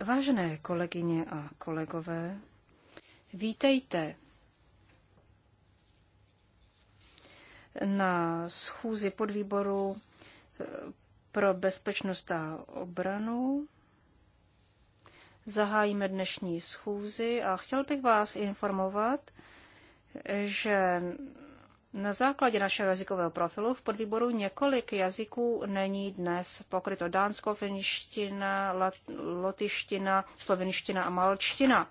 Vážené kolegyně a kolegové, vítejte na schůzi podvýboru eh, pro bezpečnost a obranu. Zahájíme dnešní schůzi a chtěl bych vás informovat, že na základě našeho jazykového profilu v podvýboru několik jazyků není dnes pokryto. Dánsko, finština, lotiština, lotyština, slovenština a malčtina.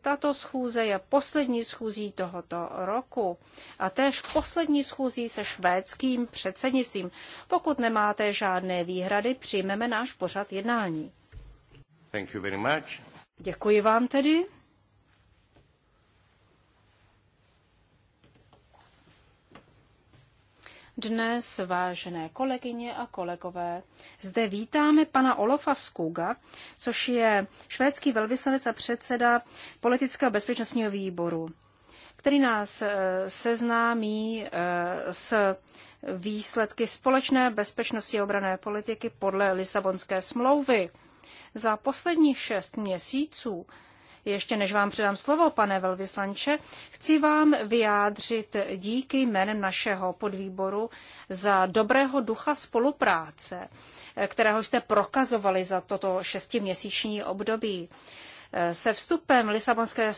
Tato schůze je poslední schůzí tohoto roku a též poslední schůzí se švédským předsednictvím. Pokud nemáte žádné výhrady, přijmeme náš pořad jednání. Thank you very much. Děkuji vám tedy. Dnes, vážené kolegyně a kolegové, zde vítáme pana Olofa Skuga, což je švédský velvyslanec a předseda politického bezpečnostního výboru, který nás eh, seznámí eh, s výsledky společné bezpečnosti a obrané politiky podle Lisabonské smlouvy. Za posledních šest měsíců ještě než vám předám slovo, pane velvyslanče, chci vám vyjádřit díky jménem našeho podvýboru za dobrého ducha spolupráce, kterého jste prokazovali za toto šestiměsíční období. Se vstupem Lisabonské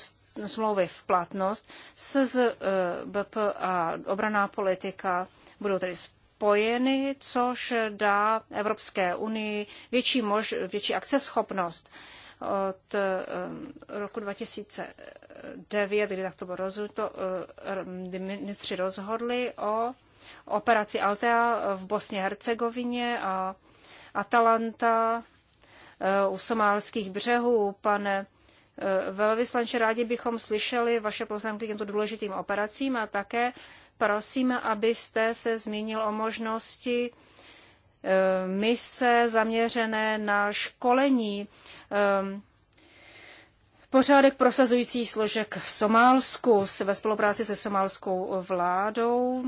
smlouvy v platnost eh, BP a obraná politika budou tedy spojeny, což dá Evropské unii větší, mož, větší akceschopnost od eh, roku 2009, kdy tak to bylo rozhodnuto, eh, ministři rozhodli o operaci Altea v Bosně Hercegovině a Atalanta eh, u somálských břehů. Pane velvyslanče, rádi bychom slyšeli vaše poznámky k těmto důležitým operacím a také prosím, abyste se zmínil o možnosti Eh, mise zaměřené na školení eh, pořádek prosazujících složek v Somálsku ve spolupráci se somálskou vládou,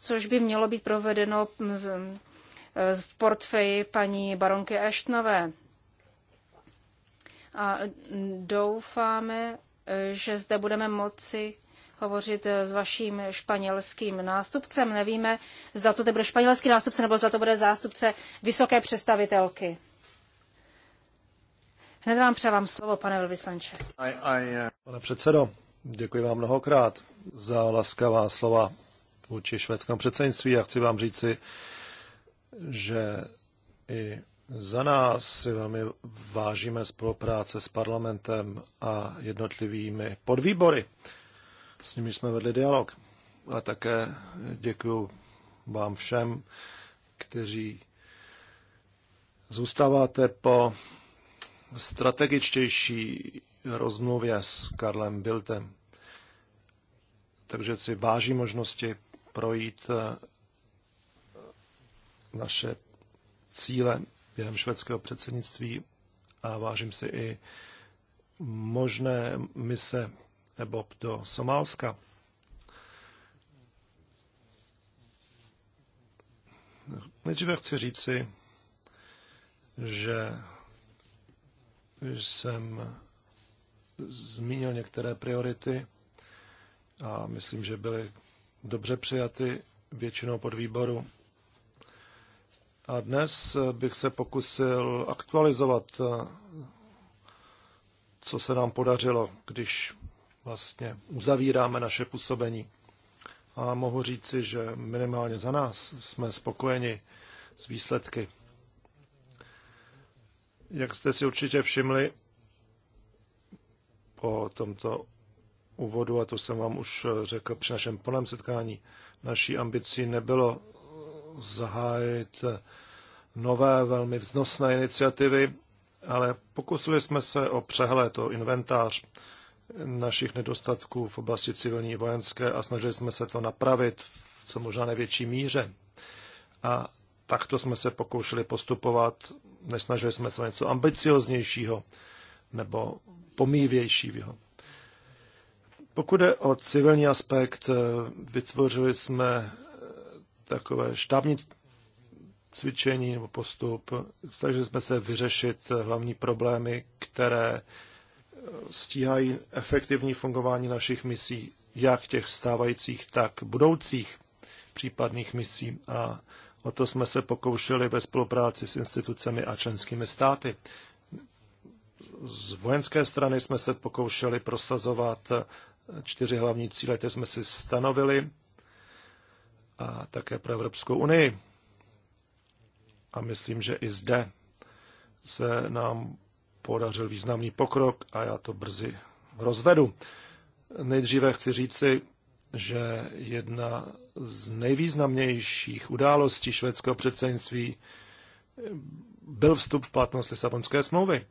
což by mělo být provedeno eh, v portfeji paní baronky Eštnové. A mm, doufáme, že zde budeme moci hovořit eh, s vaším španělským nástupcem. Nevíme, zda to bude španělský nástupce nebo zda to bude zástupce vysoké představitelky. Hned vám převám slovo, pane velvyslanče. Eh, pane předsedo, děkuji vám mnohokrát za laskavá slova vůči švédskému předsednictví a chci vám říci, že i za nás si velmi vážíme spolupráce s parlamentem a jednotlivými podvýbory s nimi jsme vedli dialog. A také děkuji vám všem, kteří zůstáváte po strategičtější rozmluvě s Karlem Biltem. Takže si váží možnosti projít eh, naše cíle během švédského předsednictví a vážím si i možné mise nebo do Somálska. Nejdříve chci říci, že jsem zmínil některé priority a myslím, že byly dobře přijaty většinou pod výboru. A dnes bych se pokusil aktualizovat, co se nám podařilo, když vlastně uzavíráme naše působení. A mohu říci, že minimálně za nás jsme spokojeni s výsledky. Jak jste si určitě všimli po tomto úvodu, a to jsem vám už řekl při našem plném setkání, naší ambicí nebylo zahájit nové, velmi vznosné iniciativy, ale pokusili jsme se o přehled, o inventář našich nedostatků v oblasti civilní i vojenské a snažili jsme se to napravit v co možná největší míře. A takto jsme se pokoušeli postupovat, nesnažili jsme se něco ambicioznějšího nebo pomývějšího. Pokud je o civilní aspekt, vytvořili jsme takové štábní cvičení nebo postup. Snažili jsme se vyřešit hlavní problémy, které stíhají efektivní fungování našich misí, jak těch stávajících, tak budoucích případných misí. A o to jsme se pokoušeli ve spolupráci s institucemi a členskými státy. Z vojenské strany jsme se pokoušeli prosazovat čtyři hlavní cíle, které jsme si stanovili, a také pro Evropskou unii. A myslím, že i zde se nám podařil významný pokrok a já to brzy rozvedu. Nejdříve chci říci, že jedna z nejvýznamnějších událostí švédského předsednictví byl vstup v platnost Lisabonské smlouvy.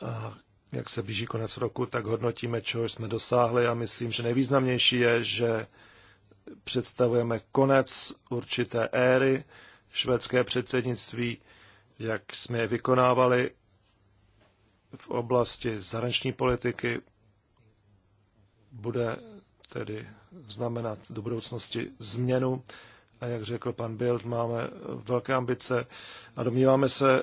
A jak se blíží konec roku, tak hodnotíme, čeho jsme dosáhli a myslím, že nejvýznamnější je, že představujeme konec určité éry. Švédské předsednictví jak jsme je vykonávali v oblasti zahraniční politiky, bude tedy znamenat do budoucnosti změnu. A jak řekl pan Bild, máme velké ambice a domníváme se,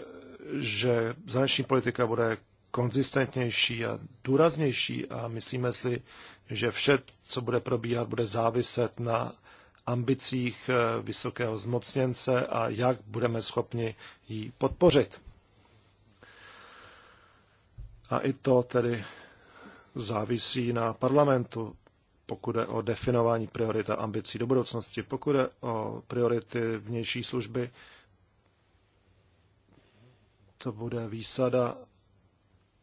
že zahraniční politika bude konzistentnější a důraznější a myslíme si, že vše, co bude probíhat, bude záviset na ambicích eh, vysokého zmocněnce a jak budeme schopni ji podpořit. A i to tedy závisí na parlamentu, pokud je o definování priorit a ambicí do budoucnosti. Pokud je o priority vnější služby, to bude výsada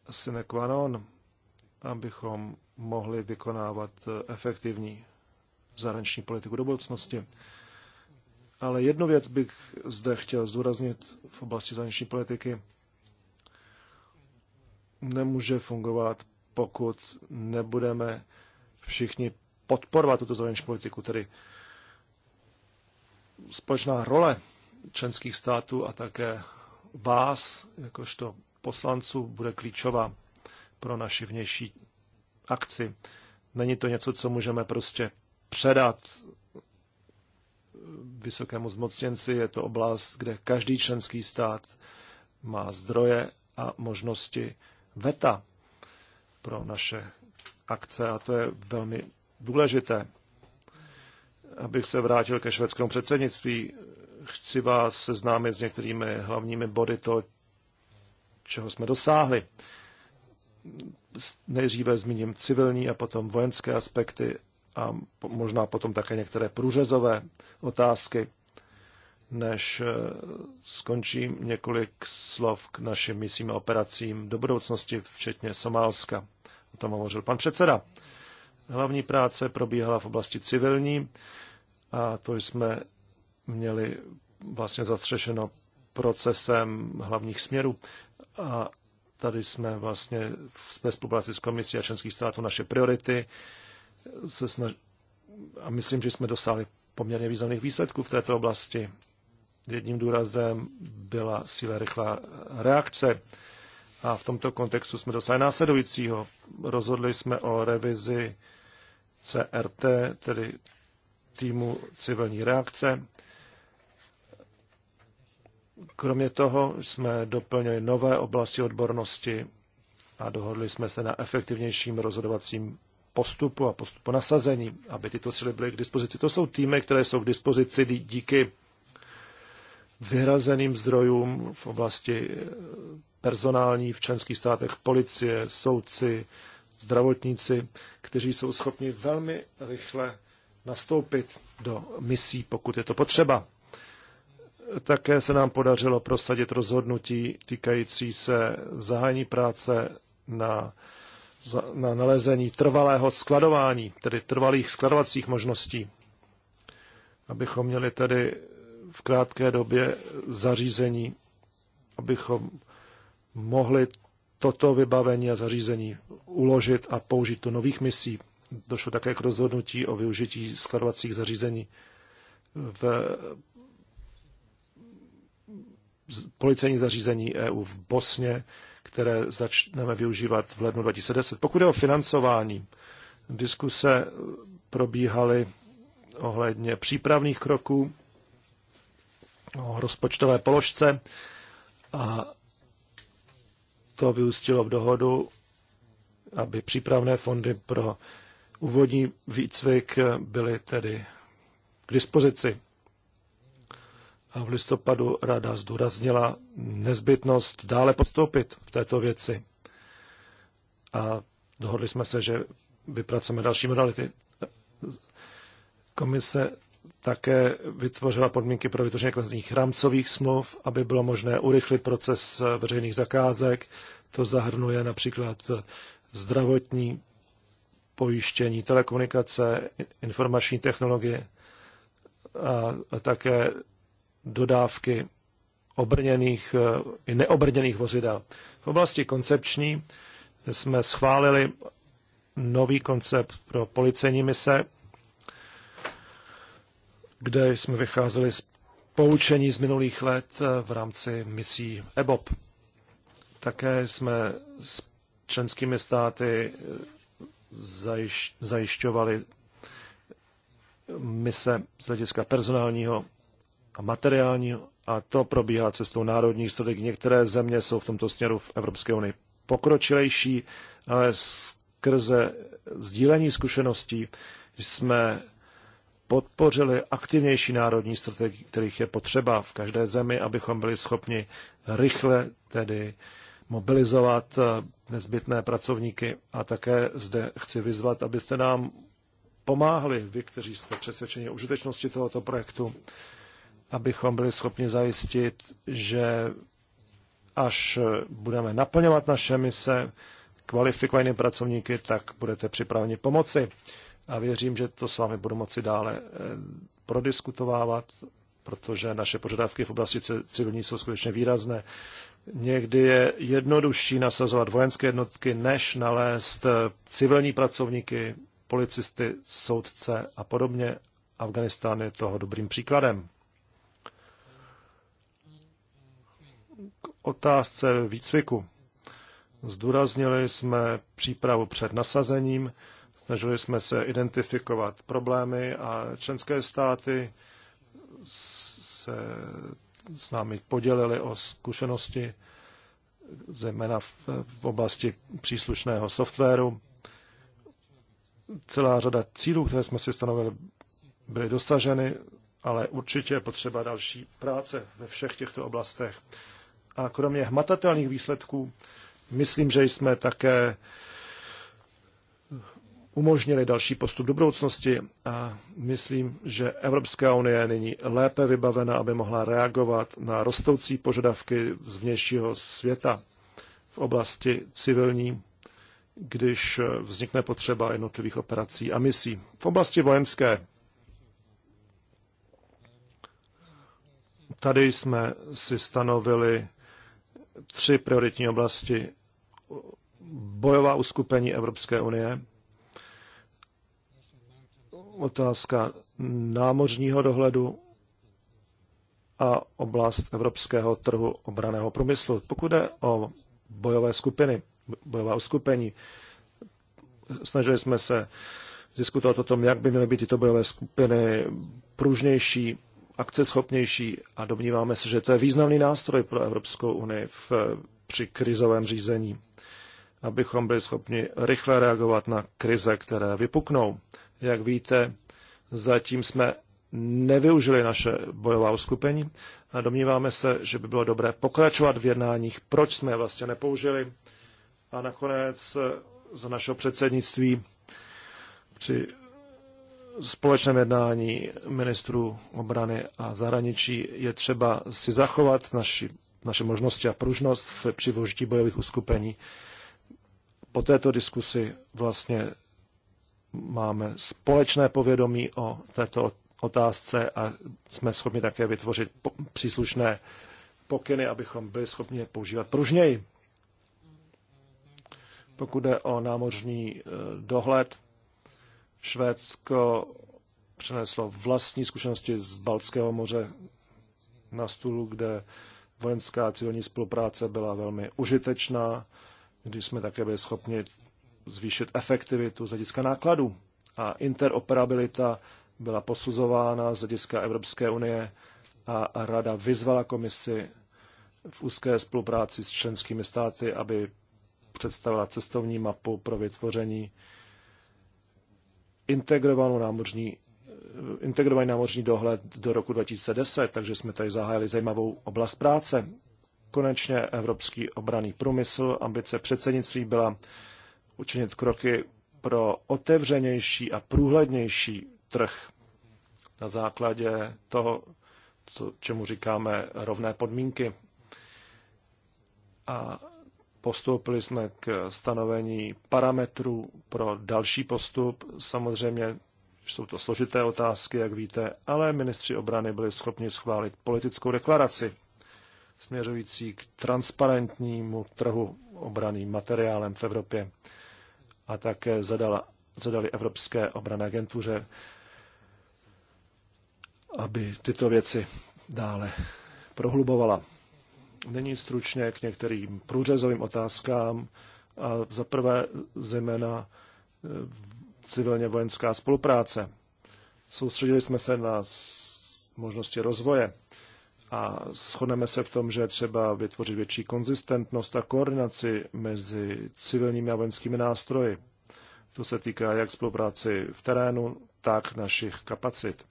sine qua non, abychom mohli vykonávat eh, efektivní zahraniční politiku do budoucnosti. Ale jednu věc bych zde chtěl zdůraznit v oblasti zahraniční politiky. Nemůže fungovat, pokud nebudeme všichni podporovat tuto zahraniční politiku, tedy společná role členských států a také vás, jakožto poslanců, bude klíčová pro naši vnější akci. Není to něco, co můžeme prostě předat vysokému zmocněnci. Je to oblast, kde každý členský stát má zdroje a možnosti veta pro naše akce a to je velmi důležité. Abych se vrátil ke švédskému předsednictví, chci vás seznámit s některými hlavními body to, čeho jsme dosáhli. Nejdříve zmíním civilní a potom vojenské aspekty a možná potom také některé průřezové otázky, než eh, skončím několik slov k našim misím a operacím do budoucnosti, včetně Somálska. O tom hovořil pan předseda. Hlavní práce probíhala v oblasti civilní a to jsme měli vlastně zastřešeno procesem hlavních směrů. A tady jsme vlastně ve spolupráci s komisí a členských států naše priority se snaž... a myslím, že jsme dosáhli poměrně významných výsledků v této oblasti. Jedním důrazem byla síla rychlá reakce. A v tomto kontextu jsme dosáhli následujícího. Rozhodli jsme o revizi CRT, tedy týmu civilní reakce. Kromě toho jsme doplnili nové oblasti odbornosti a dohodli jsme se na efektivnějším rozhodovacím postupu a postupu nasazení, aby tyto síly byly k dispozici. To jsou týmy, které jsou k dispozici díky vyhrazeným zdrojům v oblasti eh, personální v členských státech, policie, soudci, zdravotníci, kteří jsou schopni velmi rychle nastoupit do misí, pokud je to potřeba. Také se nám podařilo prosadit rozhodnutí týkající se zahájení práce na na nalezení trvalého skladování, tedy trvalých skladovacích možností, abychom měli tedy v krátké době zařízení, abychom mohli toto vybavení a zařízení uložit a použít do nových misí. Došlo také k rozhodnutí o využití skladovacích zařízení v policejní zařízení EU v Bosně, které začneme využívat v lednu 2010. Pokud je o financování, diskuse probíhaly ohledně přípravných kroků, o rozpočtové položce a to vyústilo v dohodu, aby přípravné fondy pro úvodní výcvik byly tedy k dispozici a v listopadu rada zdůraznila nezbytnost dále podstoupit v této věci. A dohodli jsme se, že vypracujeme další modality. Komise také vytvořila podmínky pro vytvoření kvazních rámcových smluv, aby bylo možné urychlit proces veřejných zakázek. To zahrnuje například zdravotní pojištění, telekomunikace, informační technologie a také dodávky obrněných eh, i neobrněných vozidel. V oblasti koncepční jsme schválili nový koncept pro policejní mise, kde jsme vycházeli z poučení z minulých let eh, v rámci misí EBOP. Také jsme s členskými státy eh, zajišťovali mise z hlediska personálního a materiální a to probíhá cestou národních strategií. Některé země jsou v tomto směru v Evropské unii pokročilejší, ale skrze sdílení zkušeností jsme podpořili aktivnější národní strategii, kterých je potřeba v každé zemi, abychom byli schopni rychle tedy mobilizovat eh, nezbytné pracovníky. A také zde chci vyzvat, abyste nám pomáhli, vy, kteří jste přesvědčeni o užitečnosti tohoto projektu, abychom byli schopni zajistit, že až budeme naplňovat naše mise kvalifikovanými pracovníky, tak budete připraveni pomoci. A věřím, že to s vámi budu moci dále eh, prodiskutovávat, protože naše požadavky v oblasti civilní jsou skutečně výrazné. Někdy je jednodušší nasazovat vojenské jednotky, než nalézt eh, civilní pracovníky, policisty, soudce a podobně. Afganistán je toho dobrým příkladem. otázce výcviku. Zdůraznili jsme přípravu před nasazením, snažili jsme se identifikovat problémy a členské státy se s námi podělili o zkušenosti, zejména v, oblasti příslušného softwaru. Celá řada cílů, které jsme si stanovili, byly dosaženy, ale určitě je potřeba další práce ve všech těchto oblastech. A kromě hmatatelných výsledků, myslím, že jsme také umožnili další postup do budoucnosti a myslím, že Evropská unie je nyní lépe vybavena, aby mohla reagovat na rostoucí požadavky z vnějšího světa v oblasti civilní, když vznikne potřeba jednotlivých operací a misí. V oblasti vojenské tady jsme si stanovili tři prioritní oblasti. Bojová uskupení Evropské unie, otázka námořního dohledu a oblast evropského trhu obraného průmyslu. Pokud jde o bojové skupiny, bojová uskupení, snažili jsme se diskutovat o tom, jak by měly být tyto bojové skupiny pružnější, akceschopnější a domníváme se, že to je významný nástroj pro Evropskou unii v, při krizovém řízení, abychom byli schopni rychle reagovat na krize, které vypuknou. Jak víte, zatím jsme nevyužili naše bojová uskupení a domníváme se, že by bylo dobré pokračovat v jednáních, proč jsme je vlastně nepoužili. A nakonec za našeho předsednictví při společném jednání ministrů obrany a zahraničí je třeba si zachovat naši, naše možnosti a pružnost v přivožití bojových uskupení. Po této diskusi vlastně máme společné povědomí o této otázce a jsme schopni také vytvořit příslušné pokyny, abychom byli schopni je používat pružněji. Pokud jde o námořní eh, dohled, Švédsko přineslo vlastní zkušenosti z Baltského moře na stůl, kde vojenská a civilní spolupráce byla velmi užitečná, když jsme také byli schopni zvýšit efektivitu z hlediska nákladů. A interoperabilita byla posuzována z hlediska Evropské unie a Rada vyzvala komisi v úzké spolupráci s členskými státy, aby představila cestovní mapu pro vytvoření integrovanou námořní integrovaný námořní dohled do roku 2010, takže jsme tady zahájili zajímavou oblast práce. Konečně evropský obraný průmysl, ambice předsednictví byla učinit kroky pro otevřenější a průhlednější trh na základě toho, co, čemu říkáme rovné podmínky. A Postoupili jsme k stanovení parametrů pro další postup. Samozřejmě jsou to složité otázky, jak víte, ale ministři obrany byli schopni schválit politickou deklaraci směřující k transparentnímu trhu obraným materiálem v Evropě a také zadala, zadali Evropské obrané agentuře, aby tyto věci dále prohlubovala není stručně k některým průřezovým otázkám. A za prvé zejména e, civilně vojenská spolupráce. Soustředili jsme se na možnosti rozvoje a shodneme se v tom, že třeba vytvořit větší konzistentnost a koordinaci mezi civilními a vojenskými nástroji. To se týká jak spolupráci v terénu, tak našich kapacit.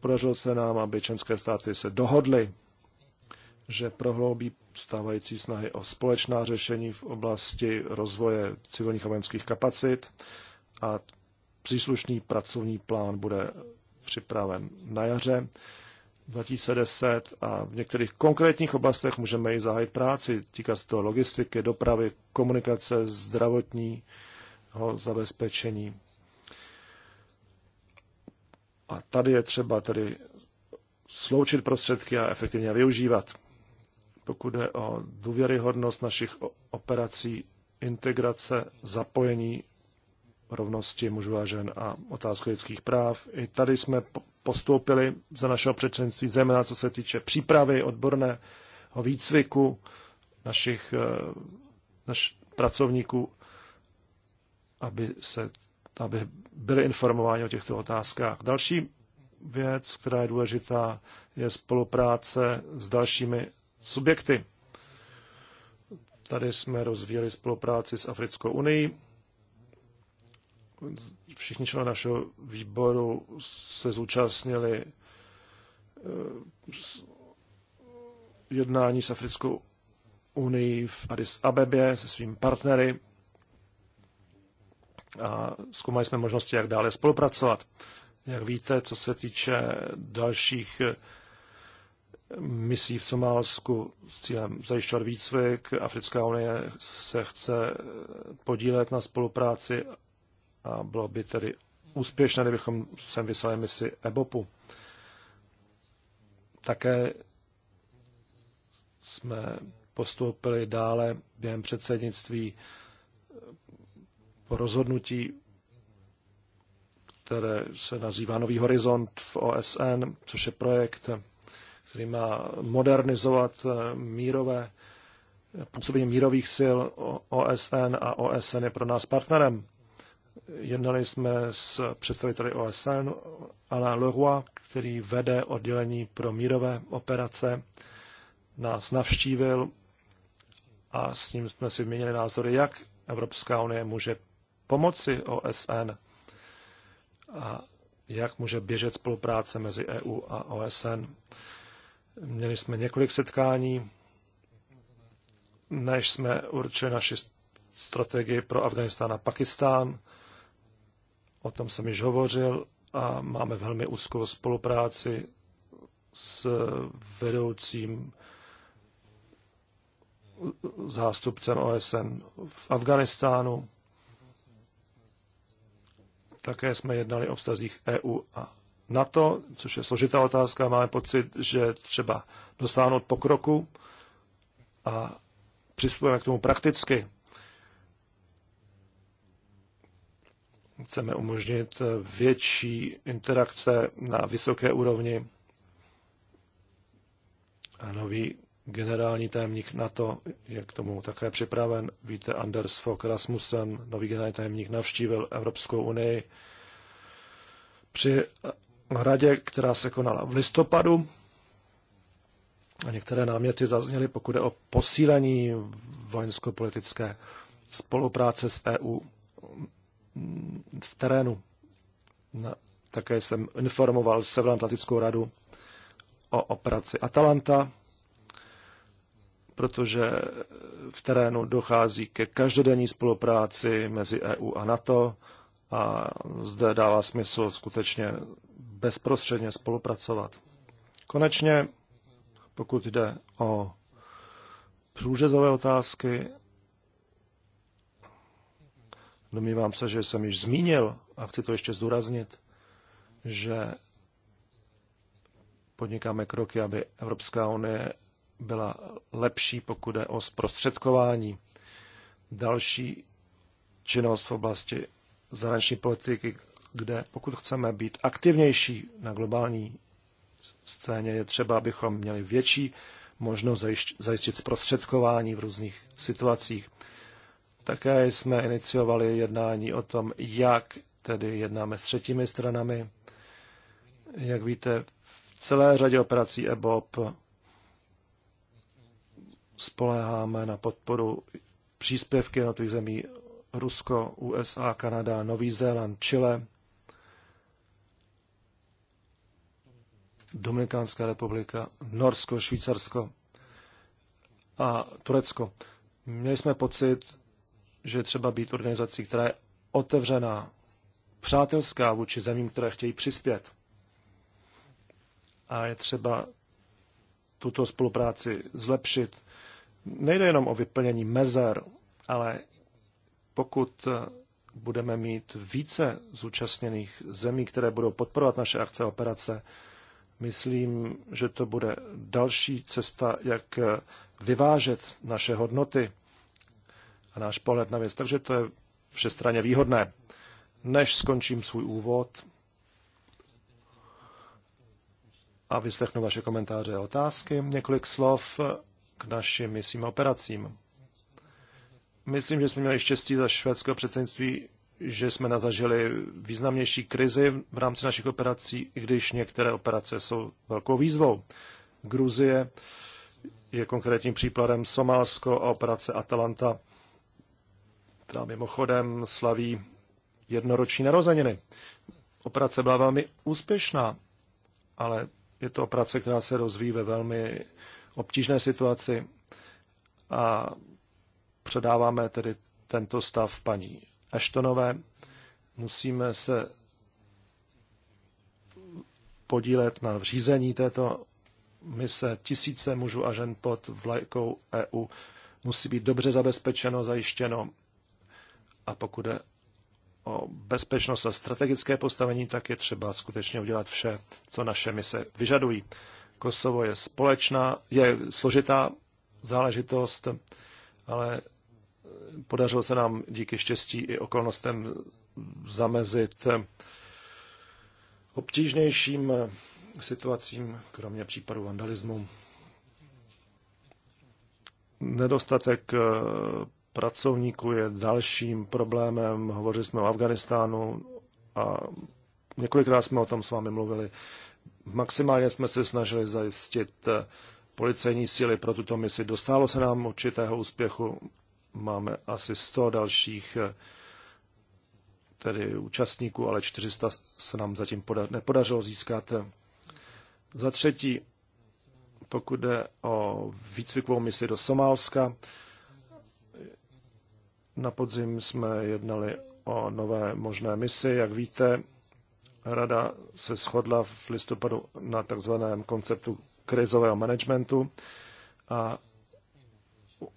Podařilo se nám, aby členské státy se dohodly že prohloubí stávající snahy o společná řešení v oblasti rozvoje civilních a vojenských kapacit a příslušný pracovní plán bude připraven na jaře 2010 a v některých konkrétních oblastech můžeme i zahájit práci. Týká se toho logistiky, dopravy, komunikace, zdravotního zabezpečení. A tady je třeba tedy sloučit prostředky a efektivně využívat pokud jde o důvěryhodnost našich operací, integrace, zapojení rovnosti mužů a žen a otázku lidských práv. I tady jsme postoupili za našeho předsednictví, zejména co se týče přípravy odborného výcviku našich, eh, našich pracovníků, aby, se, aby byli informováni o těchto otázkách. Další věc, která je důležitá, je spolupráce s dalšími subjekty. Tady jsme rozvíjeli spolupráci s Africkou unii. Všichni členové našeho výboru se zúčastnili eh, jednání s Africkou unii v Addis Abebě se svými partnery a zkoumali jsme možnosti, jak dále spolupracovat. Jak víte, co se týče dalších eh, misí v Somálsku s cílem zajišťovat výcvik. Africká unie se chce podílet na spolupráci a bylo by tedy úspěšné, kdybychom sem vyslali misi EBOPu. Také jsme postoupili dále během předsednictví po rozhodnutí, které se nazývá Nový horizont v OSN, což je projekt, který má modernizovat eh, mírové eh, působení mírových sil OSN a OSN je pro nás partnerem. Jednali jsme s představiteli OSN Alain Leroy, který vede oddělení pro mírové operace, nás navštívil a s ním jsme si vyměnili názory, jak Evropská unie může pomoci OSN a jak může běžet spolupráce mezi EU a OSN. Měli jsme několik setkání, než jsme určili naši strategii pro Afganistán a Pakistán. O tom jsem již hovořil a máme velmi úzkou spolupráci s vedoucím zástupcem OSN v Afganistánu. Také jsme jednali o vztazích EU a na to, což je složitá otázka, máme pocit, že třeba dosáhnout pokroku a přistupujeme k tomu prakticky. Chceme umožnit větší interakce na vysoké úrovni a nový generální tajemník NATO je k tomu také připraven. Víte, Anders Fogh Rasmussen, nový generální tajemník, navštívil Evropskou unii při radě, která se konala v listopadu. A některé náměty zazněly, pokud je o posílení vojensko-politické spolupráce s EU v terénu. Také jsem informoval Severoatlantickou radu o operaci Atalanta, protože v terénu dochází ke každodenní spolupráci mezi EU a NATO a zde dává smysl skutečně bezprostředně spolupracovat. Konečně, pokud jde o průřezové otázky, domnívám se, že jsem již zmínil a chci to ještě zdůraznit, že podnikáme kroky, aby Evropská unie byla lepší, pokud jde o zprostředkování. Další činnost v oblasti zahraniční politiky, kde pokud chceme být aktivnější na globální scéně, je třeba, abychom měli větší možnost zajistit zprostředkování v různých situacích. Také jsme iniciovali jednání o tom, jak tedy jednáme s třetími stranami. Jak víte, v celé řadě operací EBOP spoléháme na podporu příspěvky na těch zemí Rusko, USA, Kanada, Nový Zéland, Chile – Dominikánská republika, Norsko, Švýcarsko a Turecko. Měli jsme pocit, že třeba být organizací, která je otevřená, přátelská vůči zemím, které chtějí přispět. A je třeba tuto spolupráci zlepšit. Nejde jenom o vyplnění mezer, ale pokud budeme mít více zúčastněných zemí, které budou podporovat naše akce a operace, Myslím, že to bude další cesta, jak vyvážet naše hodnoty a náš pohled na věc. Takže to je všestranně výhodné. Než skončím svůj úvod a vyslechnu vaše komentáře a otázky, několik slov k našim misím a operacím. Myslím, že jsme měli štěstí za švédského předsednictví, že jsme nazažili významnější krizi v rámci našich operací, i když některé operace jsou velkou výzvou. Gruzie je konkrétním příkladem Somálsko a operace Atalanta, která mimochodem slaví jednoroční narozeniny. Operace byla velmi úspěšná, ale je to operace, která se rozvíjí ve velmi obtížné situaci a předáváme tedy tento stav paní Eštonové, musíme se podílet na řízení této mise. Tisíce mužů a žen pod vlajkou EU musí být dobře zabezpečeno, zajištěno. A pokud je o bezpečnost a strategické postavení, tak je třeba skutečně udělat vše, co naše mise vyžadují. Kosovo je společná, je složitá záležitost, ale podařilo se nám díky štěstí i okolnostem zamezit obtížnějším situacím, kromě případu vandalismu. Nedostatek eh, pracovníků je dalším problémem. Hovořili jsme o Afganistánu a několikrát jsme o tom s vámi mluvili. Maximálně jsme se snažili zajistit eh, policejní síly pro tuto misi. Dostálo se nám určitého úspěchu, máme asi 100 dalších eh, tedy účastníků, ale 400 se nám zatím poda- nepodařilo získat. Za třetí, pokud jde o výcvikovou misi do Somálska, na podzim jsme jednali o nové možné misi. Jak víte, rada se shodla v listopadu na takzvaném konceptu krizového managementu a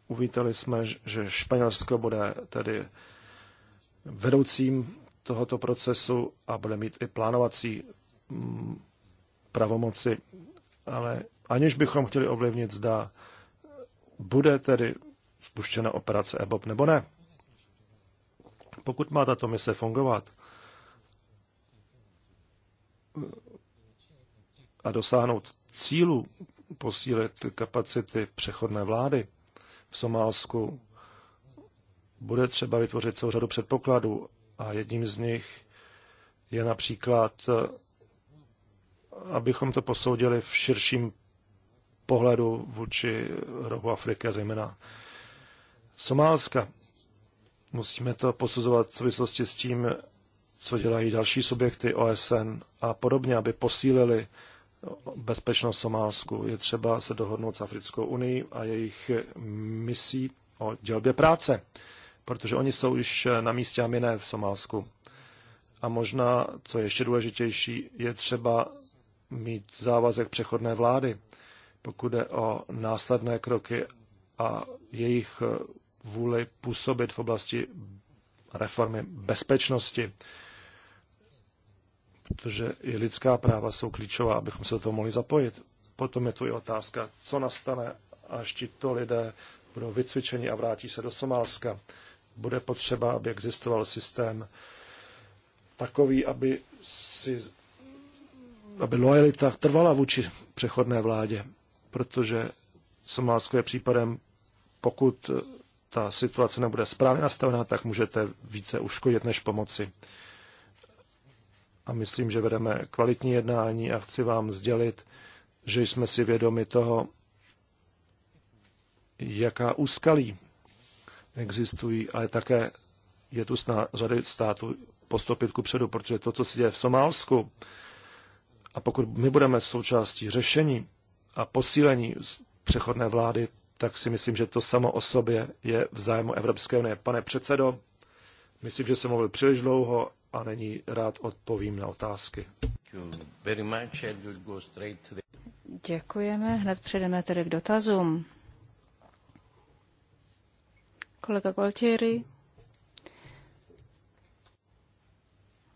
Uvítali jsme, že Španělsko bude tedy vedoucím tohoto procesu a bude mít i plánovací mm, pravomoci, ale aniž bychom chtěli ovlivnit, zda bude tedy spuštěna operace EBOB nebo ne. Pokud má tato mise fungovat a dosáhnout cílu posílit kapacity přechodné vlády, v Somálsku, bude třeba vytvořit celou řadu předpokladů a jedním z nich je například, eh, abychom to posoudili v širším pohledu vůči rohu Afriky, a zejména Somálska. Musíme to posuzovat v souvislosti s tím, co dělají další subjekty OSN a podobně, aby posílili bezpečnost Somálsku. Je třeba se dohodnout s Africkou unii a jejich misí o dělbě práce, protože oni jsou již na místě a my ne v Somálsku. A možná, co je ještě důležitější, je třeba mít závazek přechodné vlády, pokud je o následné kroky a jejich vůli působit v oblasti reformy bezpečnosti protože i lidská práva jsou klíčová, abychom se do toho mohli zapojit. Potom je tu i otázka, co nastane, až tito lidé budou vycvičeni a vrátí se do Somálska. Bude potřeba, aby existoval systém takový, aby, si, aby lojalita trvala vůči přechodné vládě, protože Somálsko je případem, pokud ta situace nebude správně nastavená, tak můžete více uškodit než pomoci a myslím, že vedeme kvalitní jednání a chci vám sdělit, že jsme si vědomi toho, jaká úskalí existují, ale také je tu snad řady států postupit ku předu, protože to, co se děje v Somálsku, a pokud my budeme součástí řešení a posílení přechodné vlády, tak si myslím, že to samo o sobě je v zájmu Evropské unie. Pane předsedo, myslím, že jsem mluvil příliš dlouho a není rád odpovím na otázky. Děkujeme. Hned přejdeme tedy k dotazům. Kolega Goltieri.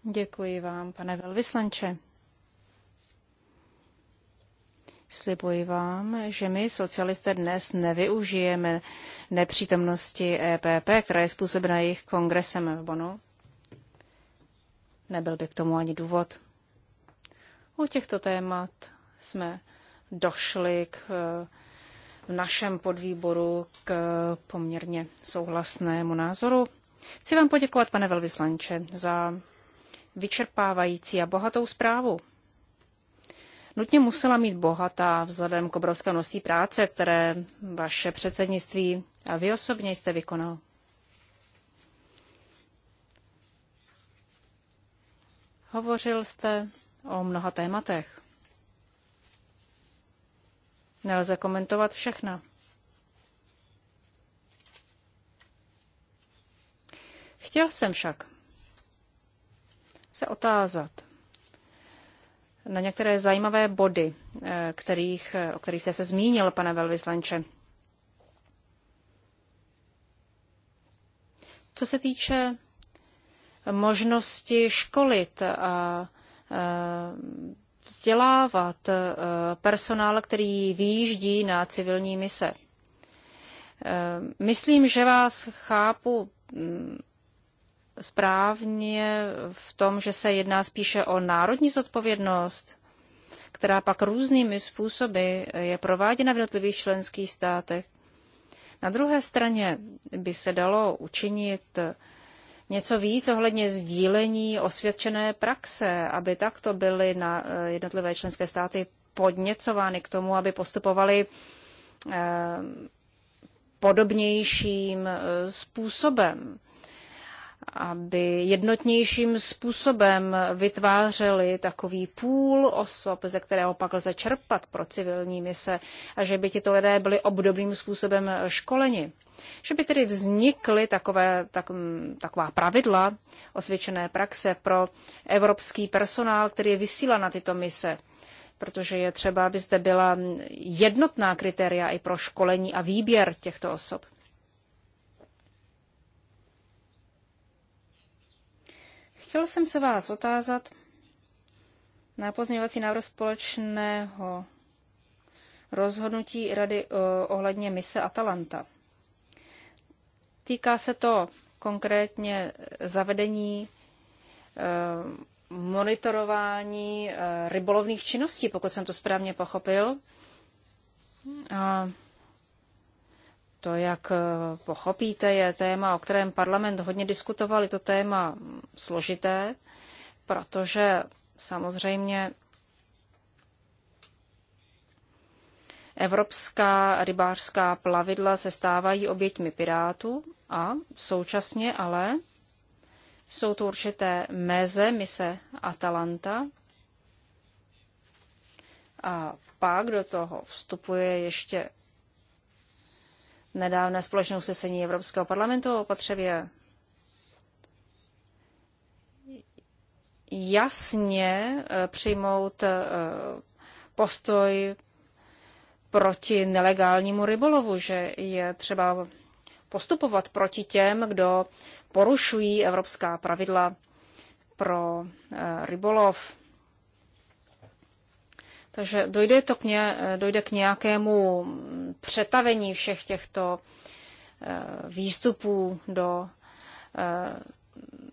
Děkuji vám, pane velvyslanče. Slibuji vám, že my socialisté dnes nevyužijeme nepřítomnosti EPP, která je způsobena jejich kongresem v Bonu Nebyl by k tomu ani důvod. U těchto témat jsme došli k, eh, v našem podvýboru k poměrně souhlasnému názoru. Chci vám poděkovat, pane velvyslanče, za vyčerpávající a bohatou zprávu. Nutně musela mít bohatá vzhledem k obrovské množství práce, které vaše předsednictví a vy osobně jste vykonal. Hovořil jste o mnoha tématech. Nelze komentovat všechna. Chtěl jsem však se otázat na některé zajímavé body, eh, kterých, eh, o kterých jste se zmínil, pane velvyslanče. Co se týče možnosti školit a vzdělávat e, personál, který výjíždí na civilní mise. E, myslím, že vás chápu mm, správně v tom, že se jedná spíše o národní zodpovědnost, která pak různými způsoby je prováděna v jednotlivých členských státech. Na druhé straně by se dalo učinit něco víc ohledně sdílení osvědčené praxe, aby takto byly na eh, jednotlivé členské státy podněcovány k tomu, aby postupovali eh, podobnějším eh, způsobem, aby jednotnějším způsobem vytvářeli takový půl osob, ze kterého pak lze čerpat pro civilní mise a že by tito lidé byli obdobným způsobem školeni. Že by tedy vznikly takové, tak, mm, taková pravidla osvědčené praxe pro evropský personál, který je vysílá na tyto mise protože je třeba, aby zde byla jednotná kritéria i pro školení a výběr těchto osob. Chtěl jsem se vás otázat na pozměňovací návrh společného rozhodnutí Rady eh, ohledně mise Atalanta. Týká se to konkrétně zavedení eh, monitorování eh, rybolovných činností, pokud jsem to správně pochopil. A to, jak eh, pochopíte, je téma, o kterém parlament hodně diskutoval. Je to téma složité, protože samozřejmě evropská rybářská plavidla se stávají oběťmi pirátů a současně ale jsou tu určité meze mise Atalanta. A pak do toho vstupuje ještě nedávné společné usnesení Evropského parlamentu o potřebě jasně eh, přijmout eh, postoj proti nelegálnímu rybolovu, že je třeba postupovat proti těm, kdo porušují evropská pravidla pro eh, rybolov. Takže dojde, to k ně, eh, dojde k nějakému přetavení všech těchto eh, výstupů do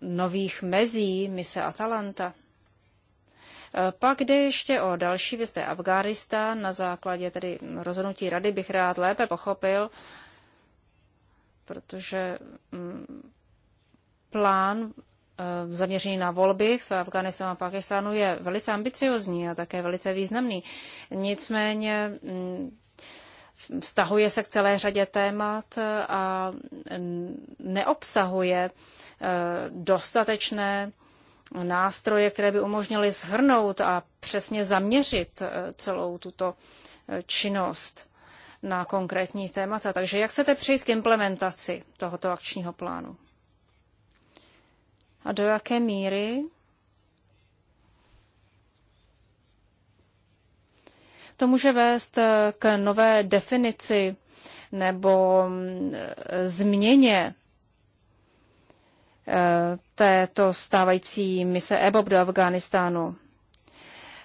nových mezí mise Atalanta. Pak jde ještě o další věc, to je Afghánistán. Na základě tedy rozhodnutí rady bych rád lépe pochopil, protože mm, plán eh, zaměřený na volby v Afganistánu a Pakistánu je velice ambiciozní a také velice významný. Nicméně mm, vztahuje se k celé řadě témat a neobsahuje eh, dostatečné nástroje, které by umožnily shrnout a přesně zaměřit eh, celou tuto činnost na konkrétní témata. Takže jak chcete přijít k implementaci tohoto akčního plánu? A do jaké míry to může vést k nové definici nebo mm, změně eh, této stávající mise EBOB do Afghánistánu.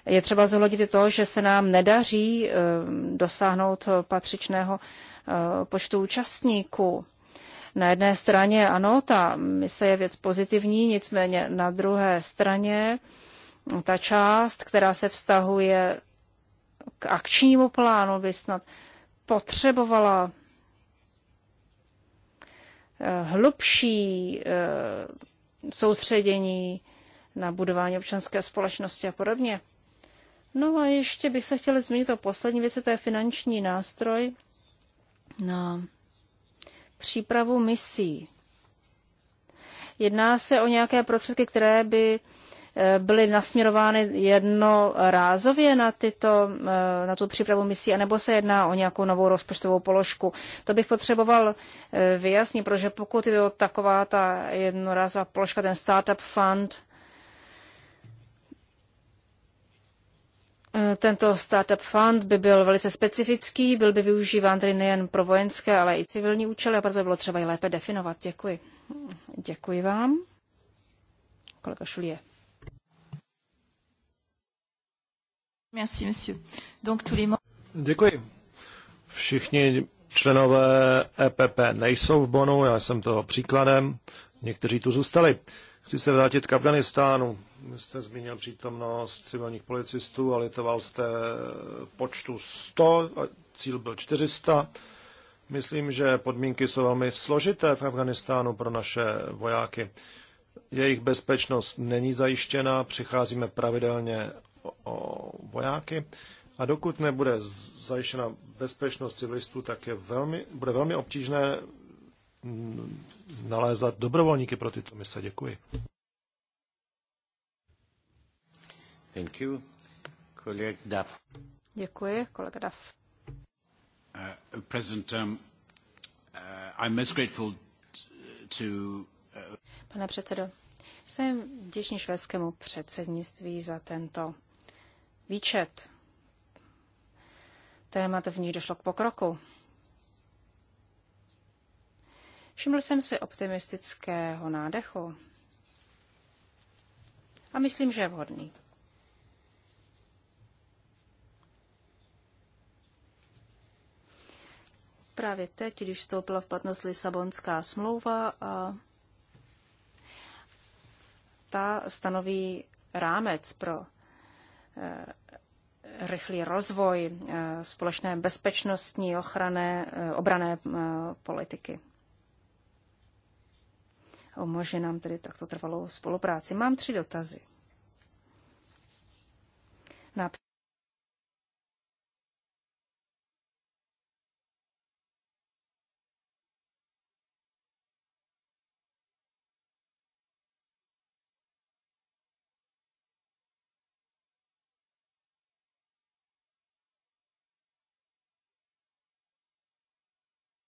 Je třeba zohlednit to, že se nám nedaří eh, dosáhnout patřičného eh, počtu účastníků. Na jedné straně ano, ta mise je věc pozitivní, nicméně na druhé straně ta část, která se vztahuje k akčnímu plánu, by snad potřebovala eh, hlubší soustředění na budování občanské společnosti a podobně. No a ještě bych se chtěla zmínit o poslední věci, to je finanční nástroj na přípravu misí. Jedná se o nějaké prostředky, které by eh, byly nasměrovány jednorázově na, tyto, eh, na tu přípravu misí, anebo se jedná o nějakou novou rozpočtovou položku. To bych potřeboval eh, vyjasnit, protože pokud je to taková ta jednorázová položka, ten startup fund, Eh, tento startup fund by byl velice specifický, byl by využíván tedy nejen pro vojenské, ale i civilní účely a proto by bylo třeba i lépe definovat. Děkuji. Děkuji vám. Kolega Šulie. Merci, monsieur. Donc, tous les... Děkuji. Všichni členové EPP nejsou v Bonu, já jsem toho příkladem, někteří tu zůstali. Chci se vrátit k Afganistánu. Vy jste zmínil přítomnost civilních policistů a litoval jste počtu 100 a cíl byl 400. Myslím, že podmínky jsou velmi složité v Afganistánu pro naše vojáky. Jejich bezpečnost není zajištěna, přicházíme pravidelně o vojáky a dokud nebude zajištěna bezpečnost civilistů, tak je velmi, bude velmi obtížné Mm, nalézat dobrovolníky pro tyto mise. Děkuji. Thank you. Kolega Duff. Děkuji, kolega Duff. Uh, um, uh, uh, Pane předsedo, jsem vděčný švédskému předsednictví za tento výčet témat, v ní došlo k pokroku. Všiml jsem si optimistického nádechu a myslím, že je vhodný. Právě teď, když vstoupila v platnost Lisabonská smlouva, a ta stanoví rámec pro e, rychlý rozvoj e, společné bezpečnostní ochrany, e, obrané politiky umožní nám tedy takto trvalou spolupráci. Mám tři dotazy.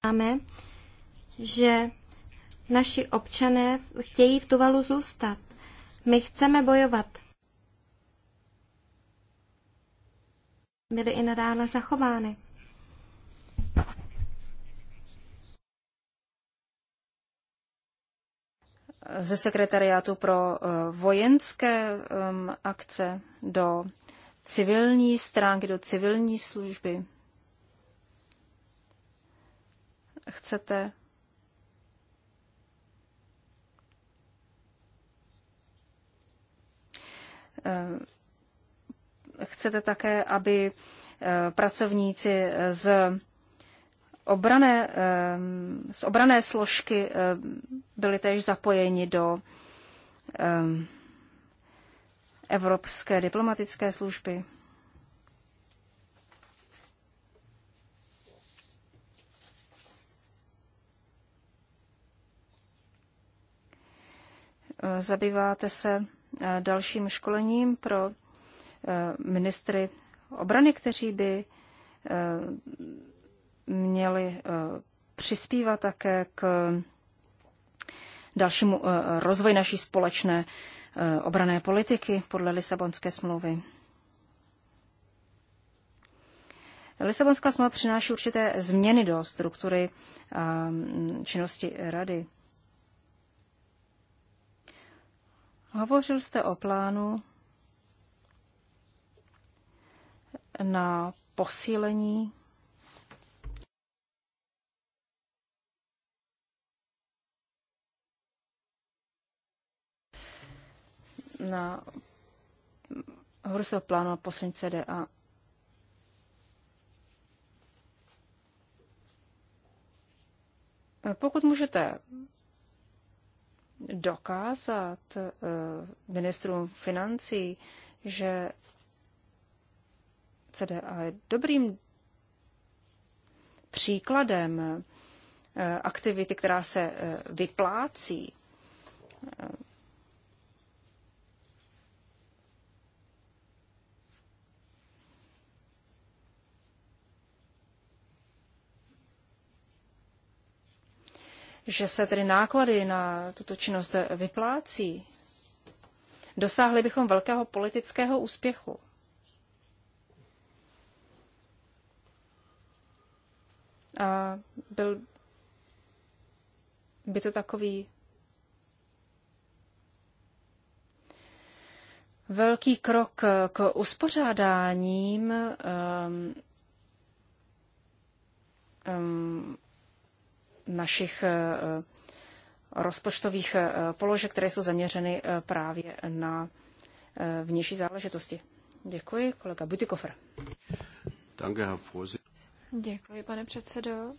máme, že naši občané chtějí v Tuvalu zůstat. My chceme bojovat. Byly i nadále zachovány. ze sekretariátu pro eh, vojenské ehm, akce do civilní stránky, do civilní služby. Chcete Eh, chcete také, aby eh, pracovníci eh, z obrané, z obrané složky byli též zapojeni do Evropské diplomatické služby. Zabýváte se Eh, dalším školením pro eh, ministry obrany, kteří by eh, měli přispívat také k dalšímu rozvoji naší společné obrané politiky podle Lisabonské smlouvy. Lisabonská smlouva přináší určité změny do struktury činnosti rady. Hovořil jste o plánu na posílení na hovořil plánu na posílení CDA Pokud můžete dokázat eh, ministrům financí, že CDA je dobrým příkladem eh, aktivity, která se eh, vyplácí že se tedy náklady na tuto činnost vyplácí, dosáhli bychom velkého politického úspěchu. A byl by to takový velký krok k uspořádáním um, um, našich eh, eh, rozpočtových eh, položek, které jsou zaměřeny právě na vnější záležitosti. Děkuji, kolega Butikofer. Děkuji, pane předsedo.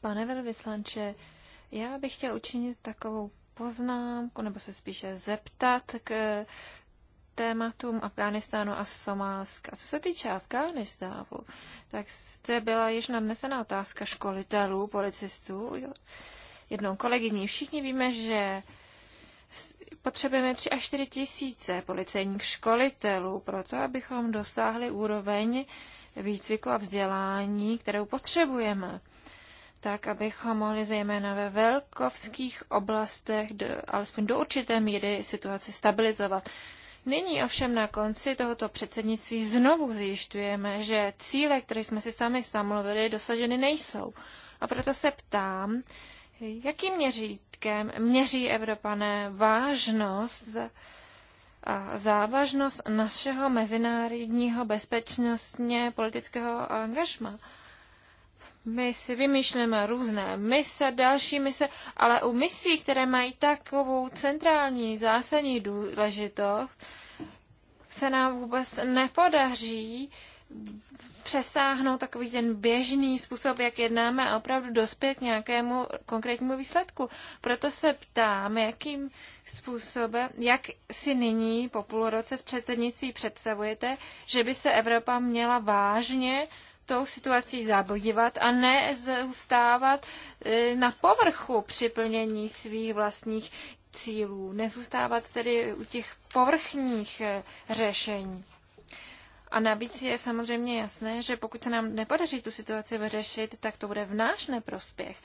Pane velvyslanče, já bych chtěl učinit takovou poznámku, nebo se spíše zeptat k tématům Afghánistánu a Somálska. Co se týče Afghánistánu, tak zde byla již nadnesena otázka školitelů, policistů, jednou kolegyní. Všichni víme, že potřebujeme 3 až 4 tisíce policejních školitelů pro to, abychom dosáhli úroveň výcviku a vzdělání, kterou potřebujeme tak abychom mohli zejména ve velkovských oblastech do, alespoň do určité míry situaci stabilizovat. Nyní ovšem na konci tohoto předsednictví znovu zjišťujeme, že cíle, které jsme si sami samluvili, dosaženy nejsou. A proto se ptám, jakým měřítkem měří Evropané vážnost a závažnost našeho mezinárodního bezpečnostně politického angažma? My si vymýšlíme různé mise, další mise, ale u misí, které mají takovou centrální zásadní důležitost, se nám vůbec nepodaří přesáhnout takový ten běžný způsob, jak jednáme a opravdu dospět k nějakému konkrétnímu výsledku. Proto se ptám, jakým způsobem, jak si nyní po půl roce z předsednictví představujete, že by se Evropa měla vážně tou situací zabývat a ne zůstávat e, na povrchu při plnění svých vlastních cílů, nezůstávat tedy u těch povrchních e, řešení. A navíc je samozřejmě jasné, že pokud se nám nepodaří tu situaci vyřešit, tak to bude v náš neprospěch.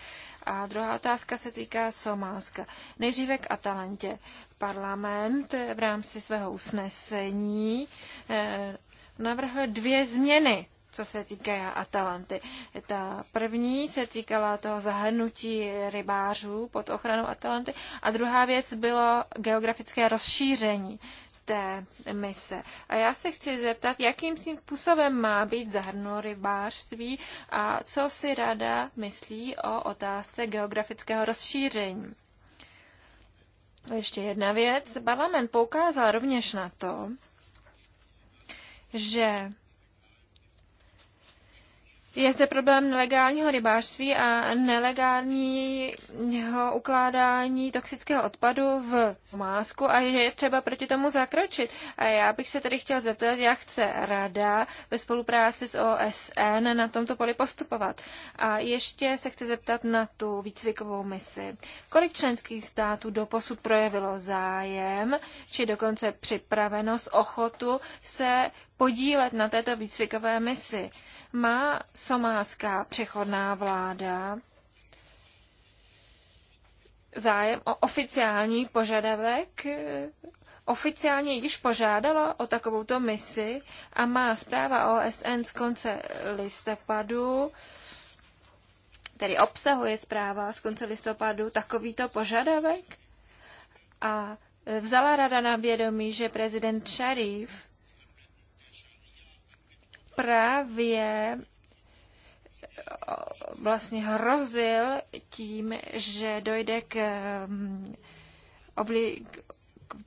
A druhá otázka se týká Somálska. Nejdříve k Atalantě. Parlament v rámci svého usnesení e, navrhl dvě změny co se týká Atalanty. Ta první se týkala toho zahrnutí rybářů pod ochranu Atalanty a druhá věc bylo geografické rozšíření té mise. A já se chci zeptat, jakým způsobem má být zahrnuto rybářství a co si rada myslí o otázce geografického rozšíření. Ještě jedna věc. Parlament poukázal rovněž na to, že je zde problém nelegálního rybářství a nelegálního ukládání toxického odpadu v másku a že je třeba proti tomu zakročit. A já bych se tedy chtěl zeptat, jak chce Rada ve spolupráci s OSN na tomto poli postupovat. A ještě se chci zeptat na tu výcvikovou misi. Kolik členských států do posud projevilo zájem, či dokonce připravenost, ochotu se podílet na této výcvikové misi? má somálská přechodná vláda zájem o oficiální požadavek. Oficiálně již požádala o takovouto misi a má zpráva OSN z konce listopadu, tedy obsahuje zpráva z konce listopadu takovýto požadavek. A vzala rada na vědomí, že prezident Šarif právě vlastně hrozil tím, že dojde k, mm, obli- k,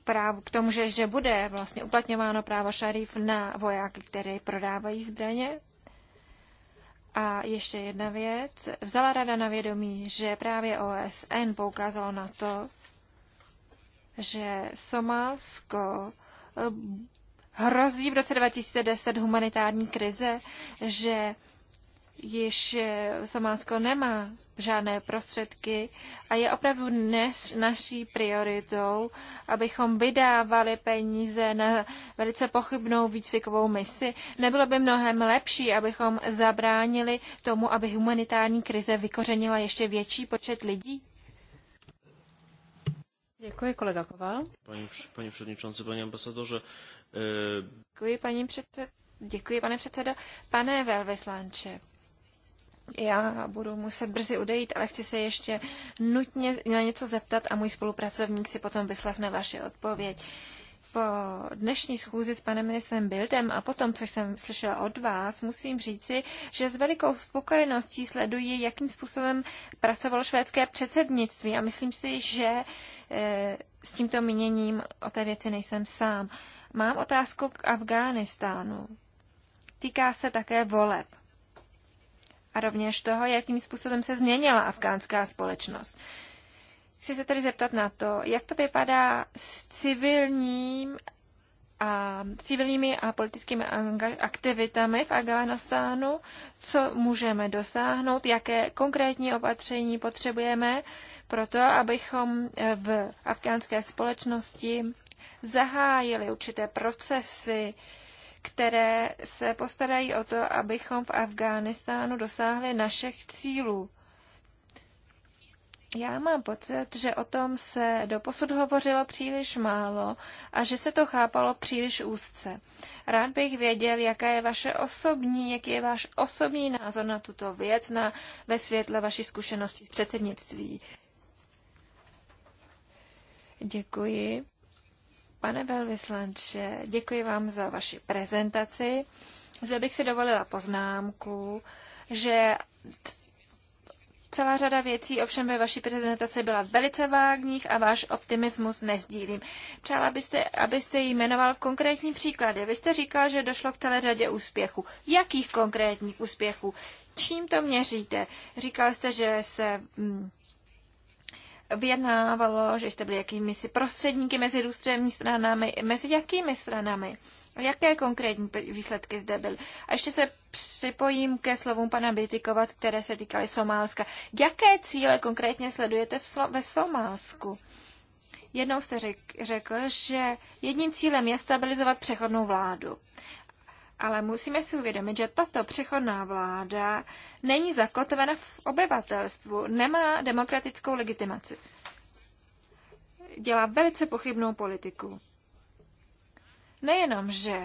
právu, k tomu, že, že bude vlastně uplatňováno právo šarif na vojáky, které prodávají zbraně. A ještě jedna věc. Vzala rada na vědomí, že právě OSN poukázalo na to, že Somálsko hrozí v roce 2010 humanitární krize, že již eh, Somálsko nemá žádné prostředky a je opravdu dnes naší prioritou, abychom vydávali peníze na velice pochybnou výcvikovou misi. Nebylo by mnohem lepší, abychom zabránili tomu, aby humanitární krize vykořenila ještě větší počet lidí? Děkuji, kolega Koval. Pani, pani předničanci, pani ambasadorze, Děkuji, paní předsed... Děkuji, pane předsedo. Pane velvyslanče, já budu muset brzy odejít, ale chci se ještě nutně na něco zeptat a můj spolupracovník si potom vyslechne vaši odpověď po dnešní schůzi s panem ministrem Bildem a potom, co jsem slyšela od vás, musím říci, že s velikou spokojeností sleduji, jakým způsobem pracovalo švédské předsednictví a myslím si, že e, s tímto míněním o té věci nejsem sám. Mám otázku k Afghánistánu. Týká se také voleb a rovněž toho, jakým způsobem se změnila afgánská společnost. E, Chci se tedy zeptat na to, jak to vypadá s civilním a civilními a politickými aktivitami v Afganistánu, co můžeme dosáhnout, jaké konkrétní opatření potřebujeme pro to, abychom eh, v afgánské společnosti zahájili určité procesy, které se postarají o to, abychom v Afghánistánu dosáhli našich cílů. Já mám pocit, že o tom se doposud hovořilo příliš málo a že se to chápalo příliš úzce. Rád bych věděl, jaká je vaše osobní, jaký je váš osobní názor na tuto věc na, ve světle vaší zkušenosti s předsednictví. Děkuji. Pane velvyslanče, děkuji vám za vaši prezentaci. Zde bych si dovolila poznámku, že Celá řada věcí ovšem ve vaší prezentaci byla velice vágních a váš optimismus nezdílím. Přála byste, abyste jí jmenoval konkrétní příklady. Vy jste říkal, že došlo k celé řadě úspěchů. Jakých konkrétních úspěchů? Čím to měříte? Říkal jste, že se hm, vyjednávalo, že jste byli jakými si prostředníky mezi růstředními stranami. Mezi jakými stranami? Jaké konkrétní výsledky zde byly? A ještě se připojím ke slovům pana Bytykova, které se týkaly Somálska. Jaké cíle konkrétně sledujete v Slo- ve Somálsku? Jednou jste řek- řekl, že jedním cílem je stabilizovat přechodnou vládu. Ale musíme si uvědomit, že tato přechodná vláda není zakotvena v obyvatelstvu, nemá demokratickou legitimaci. Dělá velice pochybnou politiku nejenom, že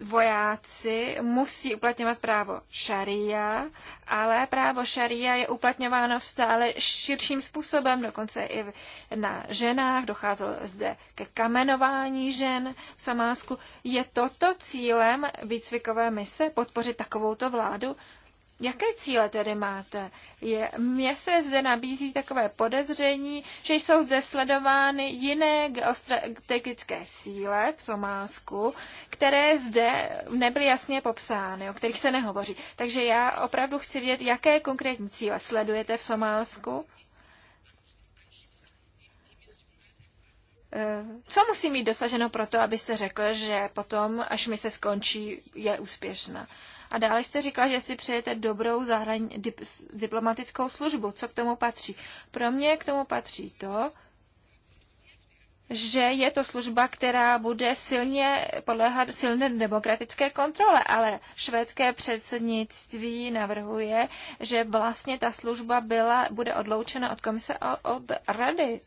vojáci musí uplatňovat právo šaria, ale právo šaria je uplatňováno v stále širším způsobem, dokonce i na ženách, docházelo zde ke kamenování žen v Samásku. Je toto cílem výcvikové mise podpořit takovouto vládu? Jaké cíle tedy máte? Je, mně se zde nabízí takové podezření, že jsou zde sledovány jiné geostrategické síle v Somálsku, které zde nebyly jasně popsány, o kterých se nehovoří. Takže já opravdu chci vědět, jaké konkrétní cíle sledujete v Somálsku. Eh, co musí mít dosaženo proto, abyste řekl, že potom, až mi se skončí, je úspěšná? A dále jste říkala, že si přejete dobrou zahrani- dip- diplomatickou službu. Co k tomu patří? Pro mě k tomu patří to, že je to služba, která bude silně podléhat silné demokratické kontrole, ale švédské předsednictví navrhuje, že vlastně ta služba byla, bude odloučena od komise a od rady.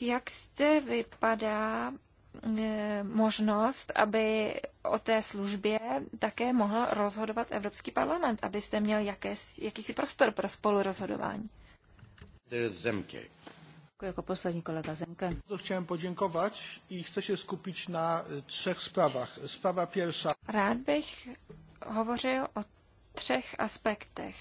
Jak jste vypadá možnost, aby o té službě také mohl rozhodovat Evropský parlament, abyste měl jakés, jakýsi prostor pro spolurozhodování. Zemke. Jako poslední kolega Zemke. Chciałem poděkovat i chci se skupić na třech zprávách. Zpráva pierwsza. Rád bych hovořil o třech aspektech.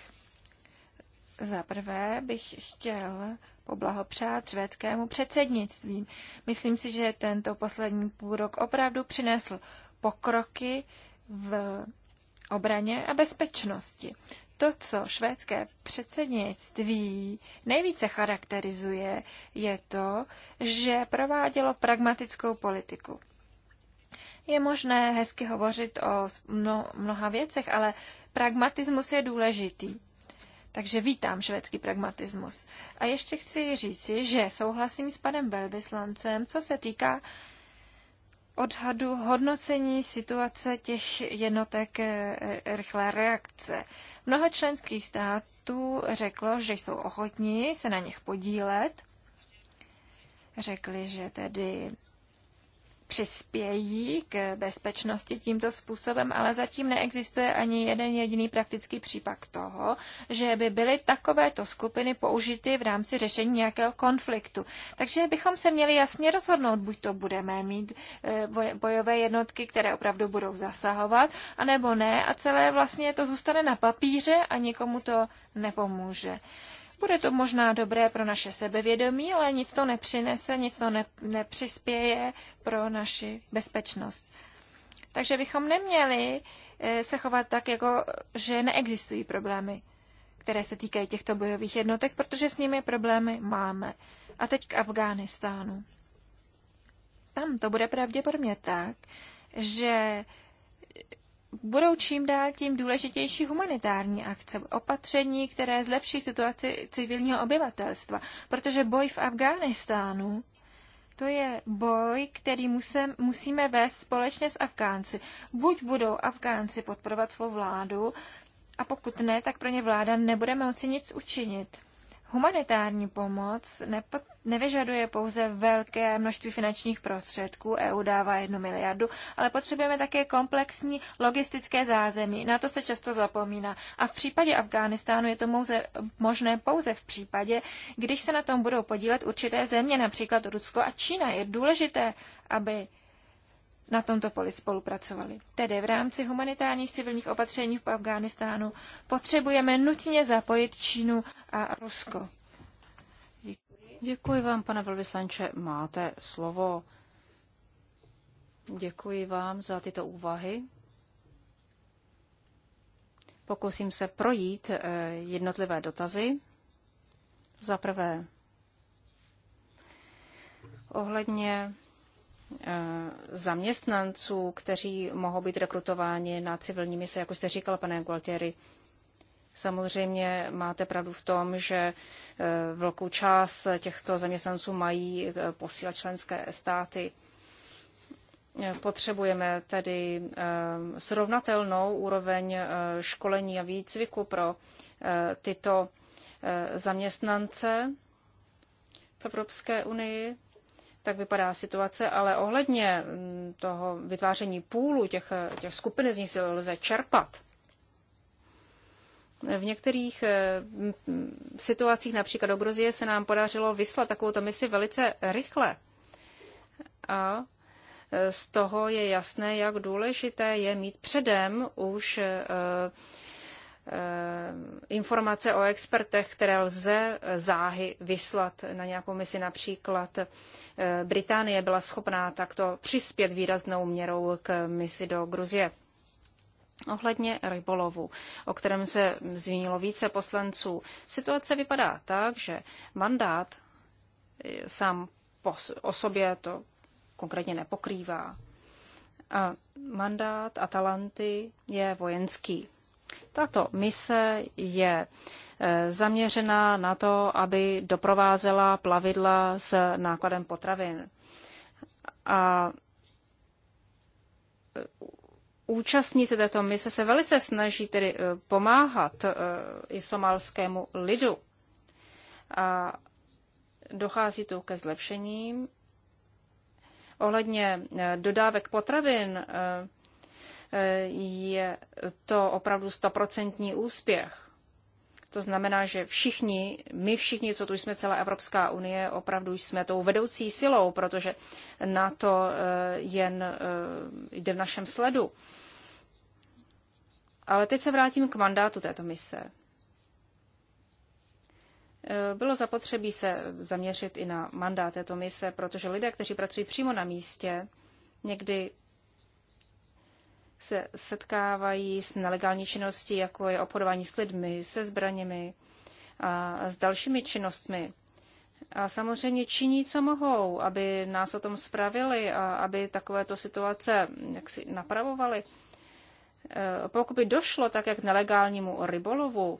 Za prvé bych chtěl poblahopřát švédskému předsednictví. Myslím si, že tento poslední půrok opravdu přinesl pokroky v obraně a bezpečnosti. To, co švédské předsednictví nejvíce charakterizuje, je to, že provádělo pragmatickou politiku. Je možné hezky hovořit o mnoha věcech, ale pragmatismus je důležitý. Takže vítám švédský pragmatismus. A ještě chci říci, že souhlasím s panem velvyslancem, co se týká odhadu hodnocení situace těch jednotek eh, rychlé reakce. Mnoho členských států řeklo, že jsou ochotní se na nich podílet. Řekli, že tedy přispějí k bezpečnosti tímto způsobem, ale zatím neexistuje ani jeden jediný praktický případ toho, že by byly takovéto skupiny použity v rámci řešení nějakého konfliktu. Takže bychom se měli jasně rozhodnout, buď to budeme mít eh, bojové jednotky, které opravdu budou zasahovat, anebo ne a celé vlastně to zůstane na papíře a nikomu to nepomůže. Bude to možná dobré pro naše sebevědomí, ale nic to nepřinese, nic to ne, nepřispěje pro naši bezpečnost. Takže bychom neměli eh, se chovat tak, jako že neexistují problémy, které se týkají těchto bojových jednotek, protože s nimi problémy máme. A teď k Afghánistánu. Tam to bude pravděpodobně tak, že budou čím dál tím důležitější humanitární akce, opatření, které zlepší situaci civilního obyvatelstva, protože boj v Afghánistánu to je boj, který musem, musíme vést společně s Afgánci. Buď budou Afgánci podporovat svou vládu, a pokud ne, tak pro ně vláda nebudeme moci nic učinit. Humanitární pomoc nepo, nevyžaduje pouze velké množství finančních prostředků, EU dává jednu miliardu, ale potřebujeme také komplexní logistické zázemí. Na to se často zapomíná. A v případě Afghánistánu je to mouze, možné pouze v případě, když se na tom budou podílet určité země, například Rusko a Čína. Je důležité, aby na tomto poli spolupracovali. Tedy v rámci humanitárních civilních opatření v Afghánistánu potřebujeme nutně zapojit Čínu a Rusko. Děkuji. Děkuji vám, pane velvyslanče. Máte slovo. Děkuji vám za tyto úvahy. Pokusím se projít eh, jednotlivé dotazy. Za prvé, ohledně zaměstnanců, kteří mohou být rekrutováni na civilní mise, jako jste říkal, pane Gualtieri. Samozřejmě máte pravdu v tom, že eh, velkou část těchto zaměstnanců mají eh, posílat členské státy. Eh, potřebujeme tedy srovnatelnou úroveň školení a výcviku pro tyto zaměstnance v Evropské unii tak vypadá situace, ale ohledně mm, toho vytváření půlu, těch, těch skupin z nich si lze čerpat. V některých eh, situacích, například do Gruzie, se nám podařilo vyslat takovouto misi velice rychle. A eh, z toho je jasné, jak důležité je mít předem už eh, Eh, informace o expertech, které lze záhy vyslat na nějakou misi. Například eh, Británie byla schopná takto přispět výraznou měrou k misi do Gruzie. Ohledně rybolovu, o kterém se zmínilo více poslanců, situace vypadá tak, že mandát eh, sám o sobě to konkrétně nepokrývá. A mandát Atalanty je vojenský tato mise je e, zaměřená na to, aby doprovázela plavidla s nákladem potravin. A e, účastníci této mise se velice snaží tedy e, pomáhat i somalskému lidu. A dochází tu ke zlepšením. Ohledně dodávek potravin je to opravdu stoprocentní úspěch. To znamená, že všichni, my všichni, co tu jsme celá Evropská unie, opravdu jsme tou vedoucí silou, protože na to eh, jen eh, jde v našem sledu. Ale teď se vrátím k mandátu této mise. Eh, bylo zapotřebí se zaměřit i na mandát této mise, protože lidé, kteří pracují přímo na místě, někdy se setkávají s nelegální činností, jako je obchodování s lidmi, se zbraněmi a s dalšími činnostmi. A samozřejmě činí, co mohou, aby nás o tom spravili a aby takovéto situace jaksi napravovali. E, pokud by došlo tak, jak k nelegálnímu rybolovu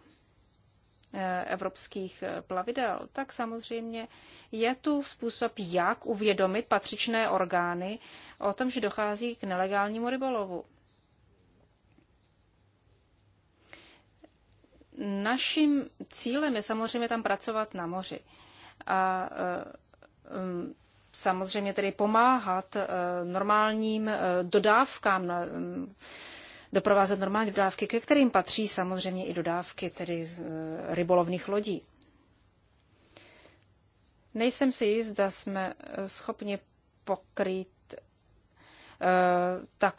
e, evropských e, plavidel, tak samozřejmě je tu způsob, jak uvědomit patřičné orgány o tom, že dochází k nelegálnímu rybolovu. Naším cílem je samozřejmě tam pracovat na moři. A eh, mm, samozřejmě tedy pomáhat eh, normálním eh, dodávkám, mm, doprovázet normální dodávky, ke kterým patří samozřejmě i dodávky tedy rybolovných lodí. Nejsem si jist, zda jsme schopni pokrýt tak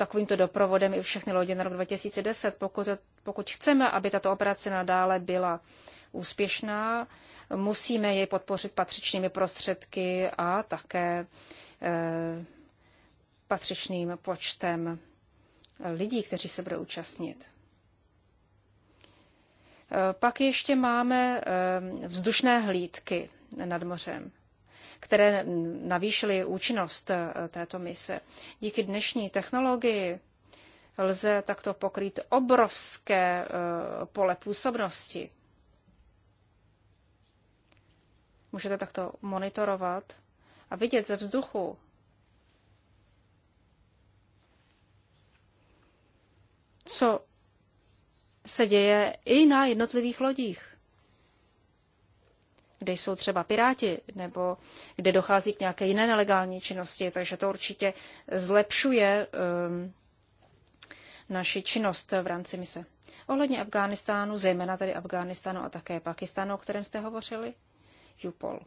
takovýmto doprovodem i všechny lodě na rok 2010. Pokud, pokud chceme, aby tato operace nadále byla úspěšná, musíme jej podpořit patřičnými prostředky a také e, patřičným počtem lidí, kteří se budou účastnit. Eh, pak ještě máme eh, vzdušné hlídky nad mořem které navýšily účinnost eh, této mise. Díky dnešní technologii lze takto pokrýt obrovské eh, pole působnosti. Můžete takto monitorovat a vidět ze vzduchu, co se děje i na jednotlivých lodích kde jsou třeba piráti nebo kde dochází k nějaké jiné nelegální činnosti. Takže to určitě zlepšuje um, naši činnost v rámci mise. Ohledně Afghánistánu, zejména tedy Afghánistánu a také Pakistánu, o kterém jste hovořili, Jupol.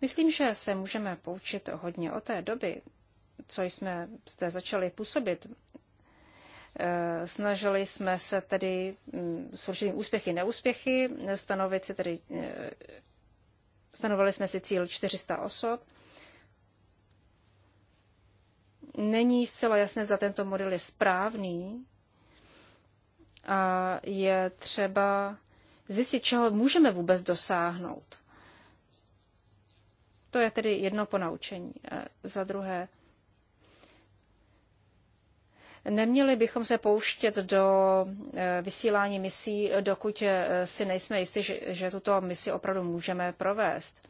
Myslím, že se můžeme poučit hodně o té doby, co jsme zde začali působit Eh, snažili jsme se tedy mm, s určitými úspěchy neúspěchy stanovit si tedy, eh, stanovili jsme si cíl 400 osob. Není zcela jasné, za tento model je správný a je třeba zjistit, čeho můžeme vůbec dosáhnout. To je tedy jedno ponaučení. Eh, za druhé, Neměli bychom se pouštět do eh, vysílání misí, dokud eh, si nejsme jistí, že, tuto misi opravdu můžeme provést.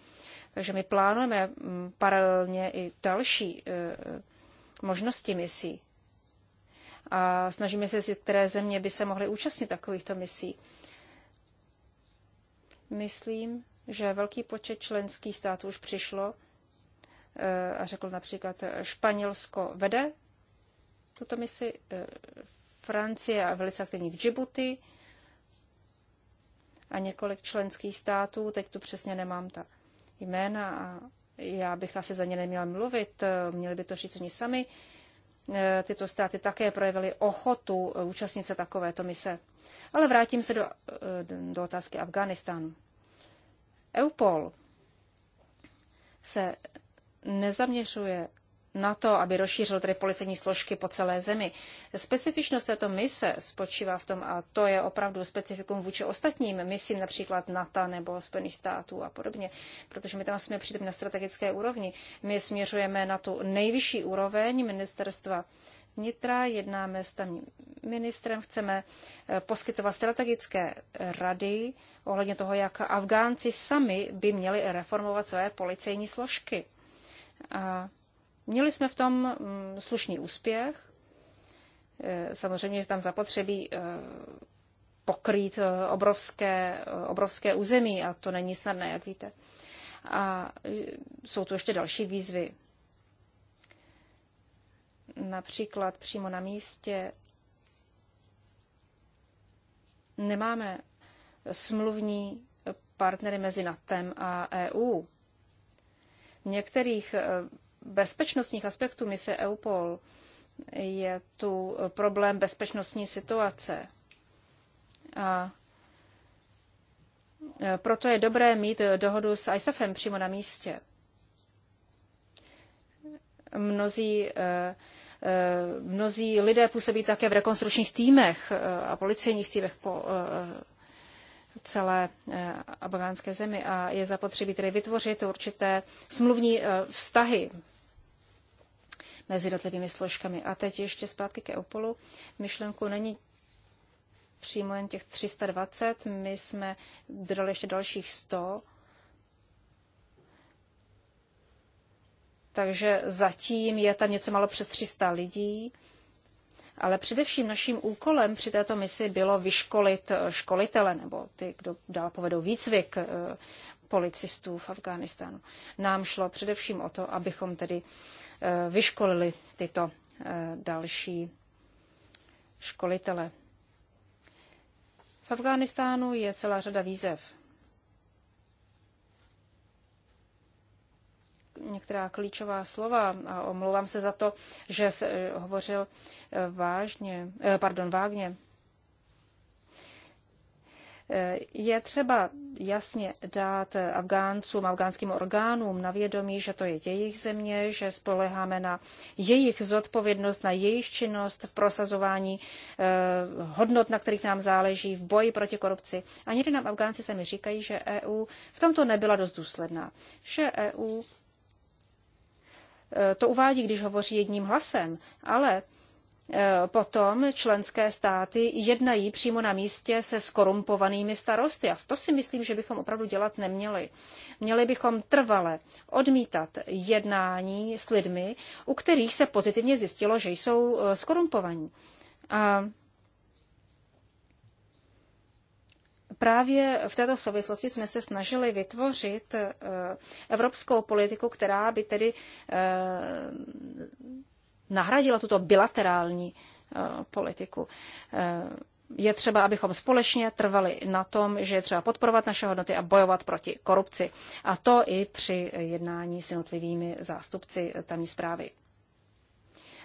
Takže my plánujeme mm, paralelně i další eh, možnosti misí. A snažíme se zjistit, které země by se mohly účastnit takovýchto misí. Myslím, že velký počet členských států už přišlo a řekl například, Španělsko vede tuto misi. E, Francie a velice aktivní v Djibouti a několik členských států, teď tu přesně nemám ta jména a já bych asi za ně neměla mluvit, e, měli by to říct oni sami. E, tyto státy také projevily ochotu účastnit se takovéto mise. Ale vrátím se do, do otázky Afganistánu. EUPOL se nezaměřuje na to, aby rozšířil tedy policejní složky po celé zemi. Specifičnost této mise spočívá v tom, a to je opravdu specifikum vůči ostatním misím, například NATO nebo Spojených států a podobně, protože my tam jsme přitom na strategické úrovni. My směřujeme na tu nejvyšší úroveň ministerstva vnitra, jednáme s tamním ministrem, chceme eh, poskytovat strategické rady ohledně toho, jak Afgánci sami by měli reformovat své policejní složky. A Měli jsme v tom mm, slušný úspěch. Eh, samozřejmě, že tam zapotřebí eh, pokrýt eh, obrovské, obrovské území a to není snadné, jak víte. A jsou tu ještě další výzvy. Například přímo na místě nemáme smluvní partnery mezi NATO a EU. V některých bezpečnostních aspektů mise EUPOL je tu problém bezpečnostní situace. A e, proto je dobré mít dohodu s ISAFem přímo na místě. Mnozí, e, e, mnozí lidé působí také v rekonstručních týmech a policejních týmech po celé afgánské zemi a je zapotřebí tedy vytvořit určité smluvní vztahy mezi jednotlivými složkami. A teď ještě zpátky ke Opolu. Myšlenku není přímo jen těch 320, my jsme dodali ještě dalších 100, takže zatím je tam něco malo přes 300 lidí. Ale především naším úkolem při této misi bylo vyškolit eh, školitele nebo ty, kdo dál povedou výcvik eh, policistů v Afghánistánu. Nám šlo především o to, abychom tedy Eh, vyškolili tyto eh, další školitele. V Afghánistánu je celá řada výzev. Některá klíčová slova, a omlouvám se za to, že se eh, hovořil vážně, pardon, vágně. Je třeba jasně dát Afgáncům, afgánským orgánům na vědomí, že to je jejich země, že spoleháme na jejich zodpovědnost, na jejich činnost v prosazování eh, hodnot, na kterých nám záleží, v boji proti korupci. A někdy nám Afgánci sami říkají, že EU v tomto nebyla dost důsledná. Že EU eh, to uvádí, když hovoří jedním hlasem, ale E, potom členské státy jednají přímo na místě se skorumpovanými starosty. A to si myslím, že bychom opravdu dělat neměli. Měli bychom trvale odmítat jednání s lidmi, u kterých se pozitivně zjistilo, že jsou e, skorumpovaní. A Právě v této souvislosti jsme se snažili vytvořit e, evropskou politiku, která by tedy nahradila tuto bilaterální eh, politiku. Eh, je třeba, abychom společně trvali na tom, že je třeba podporovat naše hodnoty a bojovat proti korupci. A to i při jednání s jednotlivými zástupci eh, tamní zprávy.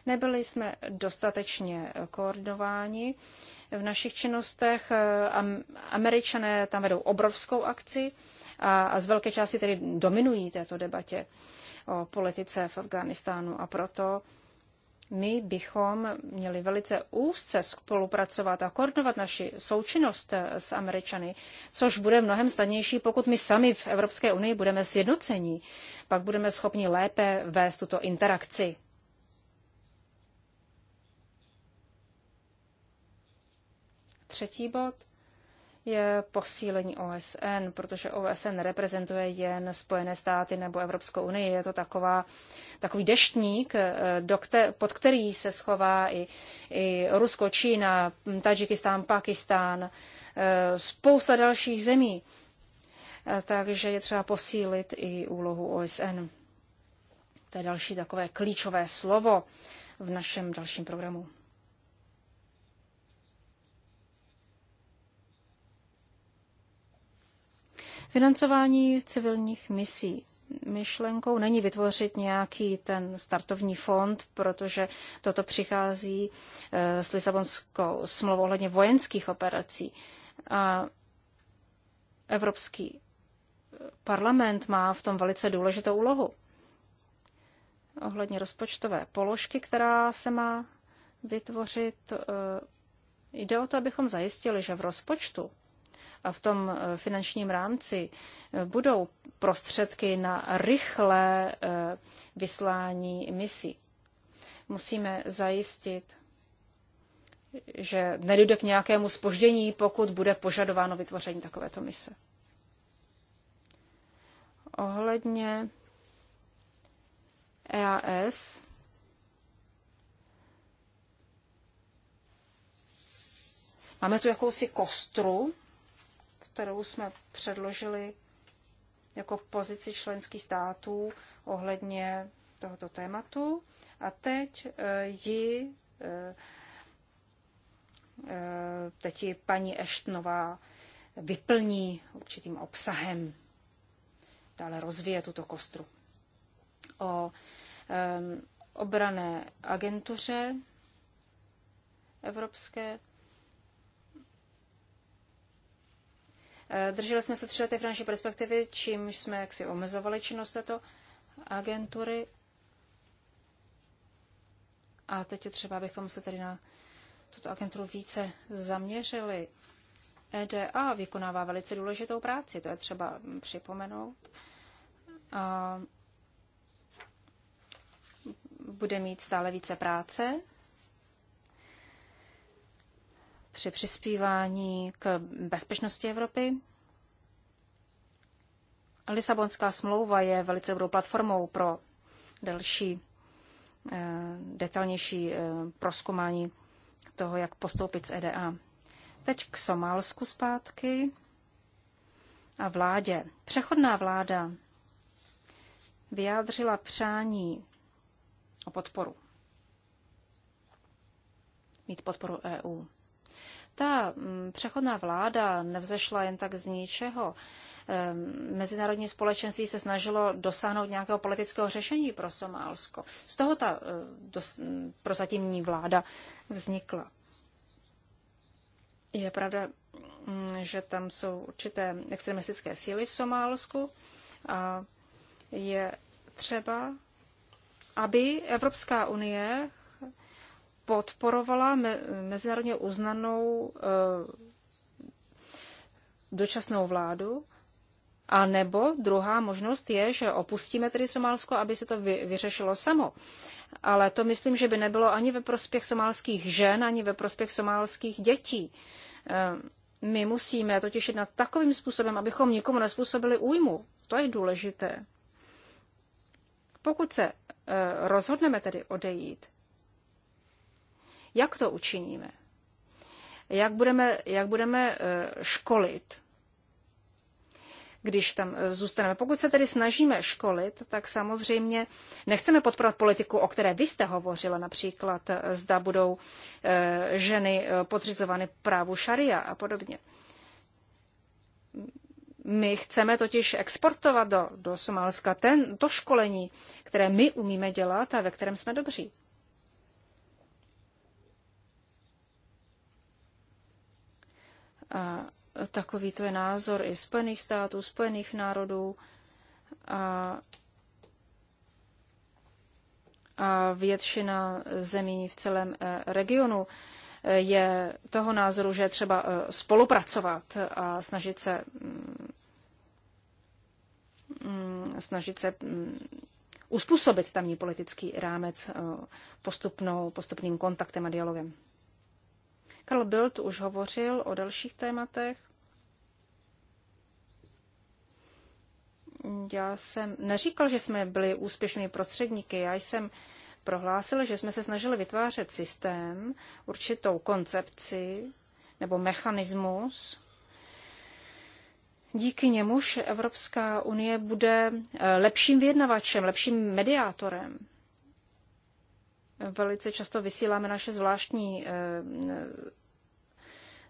Nebyli jsme dostatečně koordinováni v našich činnostech. Američané tam vedou obrovskou akci a z velké části tedy dominují této debatě o politice v Afganistánu. a proto my bychom měli velice úzce spolupracovat a koordinovat naši součinnost eh, s Američany, což bude mnohem snadnější, pokud my sami v Evropské unii budeme sjednocení. Pak budeme schopni lépe vést tuto interakci. Třetí bod – je posílení OSN, protože OSN reprezentuje jen Spojené státy nebo Evropskou unii. Je to taková, takový deštník, eh, kter- pod který se schová i, i Rusko, Čína, Tadžikistán, Pakistán, eh, spousta dalších zemí. Eh, takže je třeba posílit i úlohu OSN. To je další takové klíčové slovo v našem dalším programu. Financování civilních misí. Myšlenkou není vytvořit nějaký ten startovní fond, protože toto přichází eh, s Lisabonskou smlouvou ohledně vojenských operací. A Evropský eh, parlament má v tom velice důležitou úlohu ohledně rozpočtové položky, která se má vytvořit. Eh, jde o to, abychom zajistili, že v rozpočtu a v tom eh, finančním rámci eh, budou prostředky na rychlé eh, vyslání misí. Musíme zajistit, že nedojde k nějakému spoždění, pokud bude požadováno vytvoření takovéto mise. Ohledně EAS Máme tu jakousi kostru, kterou jsme předložili jako pozici členských států ohledně tohoto tématu. A teď eh, ji eh, eh, teď ji paní Eštnová vyplní určitým obsahem. Dále rozvíje tuto kostru. O obrané agentuře evropské Eh, drželi jsme se tři lety finanční perspektivy, čímž jsme jaksi omezovali činnost této agentury. A teď je třeba, abychom se tedy na tuto agenturu více zaměřili. EDA vykonává velice důležitou práci, to je třeba připomenout. A bude mít stále více práce při přispívání k bezpečnosti Evropy. Lisabonská smlouva je velice dobrou platformou pro další eh, detailnější eh, proskumání toho, jak postoupit z EDA. Teď k Somálsku zpátky a vládě. Přechodná vláda vyjádřila přání o podporu. Mít podporu EU ta mm, přechodná vláda nevzešla jen tak z ničeho. Mezinárodní společenství se snažilo dosáhnout nějakého politického řešení pro Somálsko. Z toho ta eh, dos, prozatímní vláda vznikla. Je pravda, mm, že tam jsou určité extremistické síly v Somálsku a je třeba, aby Evropská unie podporovala me, mezinárodně uznanou e, dočasnou vládu. A nebo druhá možnost je, že opustíme tedy Somálsko, aby se to vy, vyřešilo samo. Ale to myslím, že by nebylo ani ve prospěch somálských žen, ani ve prospěch somálských dětí. E, my musíme totiž jednat takovým způsobem, abychom nikomu nespůsobili újmu. To je důležité. Pokud se eh, rozhodneme tedy odejít, jak to učiníme? Jak budeme, jak budeme eh, školit? když tam eh, zůstaneme. Pokud se tedy snažíme školit, tak samozřejmě nechceme podporovat politiku, o které vy jste hovořila, například eh, zda budou ženy podřizovány právu šaria a podobně. My chceme totiž exportovat do, do Somálska ten, to školení, které my umíme dělat a ve kterém jsme dobří. A takový to je názor i Spojených států, Spojených národů. A, a většina zemí v celém e, regionu e, je toho názoru, že je třeba e, spolupracovat a snažit se mm, mm, snažit se mm, uspůsobit tamní politický rámec postupnou, postupným kontaktem a dialogem. Karl Bild už hovořil o dalších tématech. Já jsem neříkal, že jsme byli úspěšnými prostředníky. Já jsem prohlásil, že jsme se snažili vytvářet systém, určitou koncepci nebo mechanismus, díky němuž Evropská unie bude lepším vyjednavačem, lepším mediátorem Velice často vysíláme naše zvláštní eh, eh,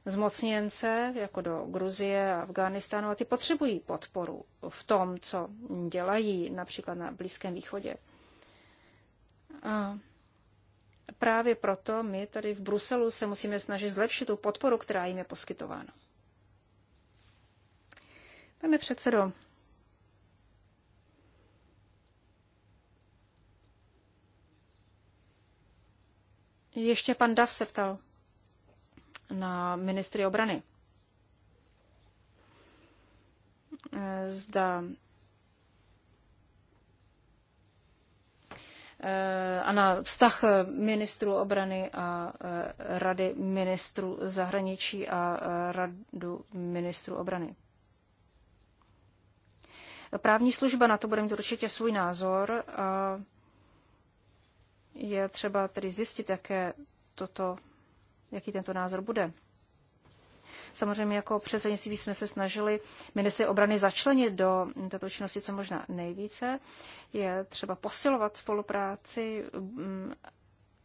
zmocněnce, jako do Gruzie a Afghánistánu, a ty potřebují podporu v tom, co dělají například na Blízkém východě. A právě proto my tady v Bruselu se musíme snažit zlepšit tu podporu, která jim je poskytována. Pane předsedo, Ještě pan Dav se ptal na ministry obrany. Eh, zda eh, a na vztah ministru obrany a eh, rady ministru zahraničí a radu ministru obrany. Právní služba na to bude mít určitě svůj názor. A je třeba tedy zjistit, jaké toto, jaký tento názor bude. Samozřejmě jako předsednictví jsme se snažili ministry obrany začlenit do této činnosti co možná nejvíce. Je třeba posilovat spolupráci mm,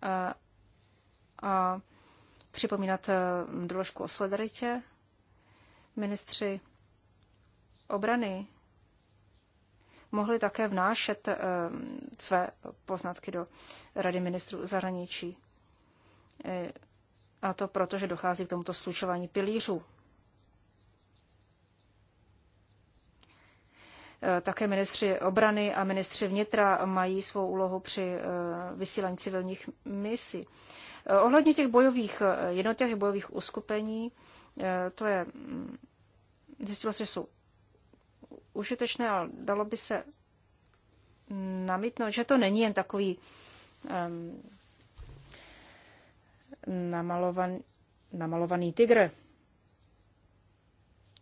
a, a připomínat e, doložku o solidaritě. Ministři obrany mohli také vnášet eh, své poznatky do Rady ministrů zahraničí. Eh, a to proto, že dochází k tomuto slučování pilířů. Eh, také ministři obrany a ministři vnitra mají svou úlohu při vysílání civilních misí. Ohledně těch bojových jednotek, bojových uskupení, to je, mm, zjistilo se, že jsou užitečné, ale dalo by se namítnout, že to není jen takový um, namalovan, namalovaný tygr.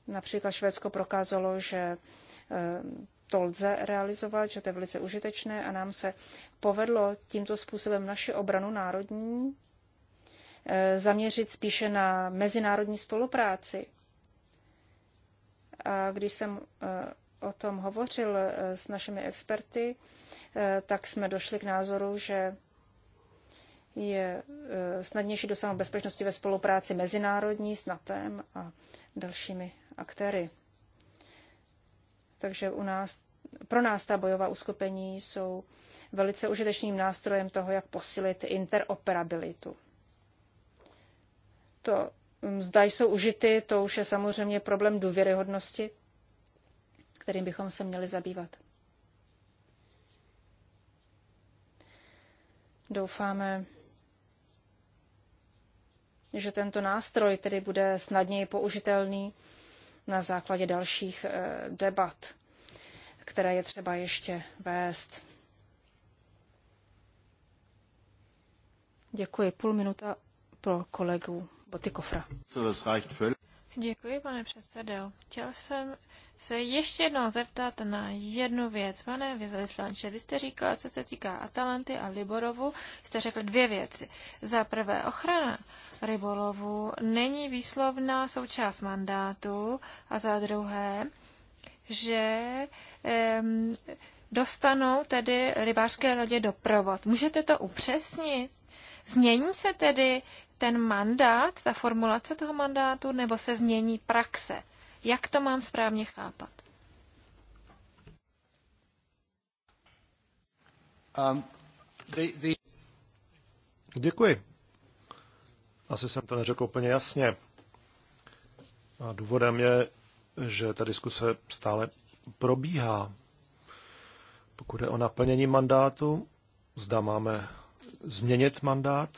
Například Švédsko prokázalo, že um, to lze realizovat, že to je velice užitečné a nám se povedlo tímto způsobem naši obranu národní eh, zaměřit spíše na mezinárodní spolupráci a když jsem eh, o tom hovořil eh, s našimi experty, eh, tak jsme došli k názoru, že je snadnější dosáhnout bezpečnosti ve spolupráci mezinárodní s NATEM a dalšími aktéry. Takže u nás, pro nás ta bojová uskupení jsou velice užitečným nástrojem toho, jak posilit interoperabilitu. To Mm, zda jsou užity, to už je samozřejmě problém důvěryhodnosti, kterým bychom se měli zabývat. Doufáme, že tento nástroj tedy bude snadněji použitelný na základě dalších eh, debat, které je třeba ještě vést. Děkuji. Půl minuta pro kolegu Děkuji, pane předsedo. Chtěl jsem se ještě jednou zeptat na jednu věc. Pane vyslanče, vy jste říkal, co se týká Atalanty a Liborovu, jste řekl dvě věci. Za prvé, ochrana rybolovu není výslovná součást mandátu a za druhé, že um, dostanou tedy rybářské lodě doprovod. Můžete to upřesnit? Změní se tedy ten mandát, ta formulace toho mandátu, nebo se změní praxe? Jak to mám správně chápat? Um, the, the... Děkuji. Asi jsem to neřekl úplně jasně. A důvodem je, že ta diskuse stále probíhá. Pokud je o naplnění mandátu, zda máme změnit mandát,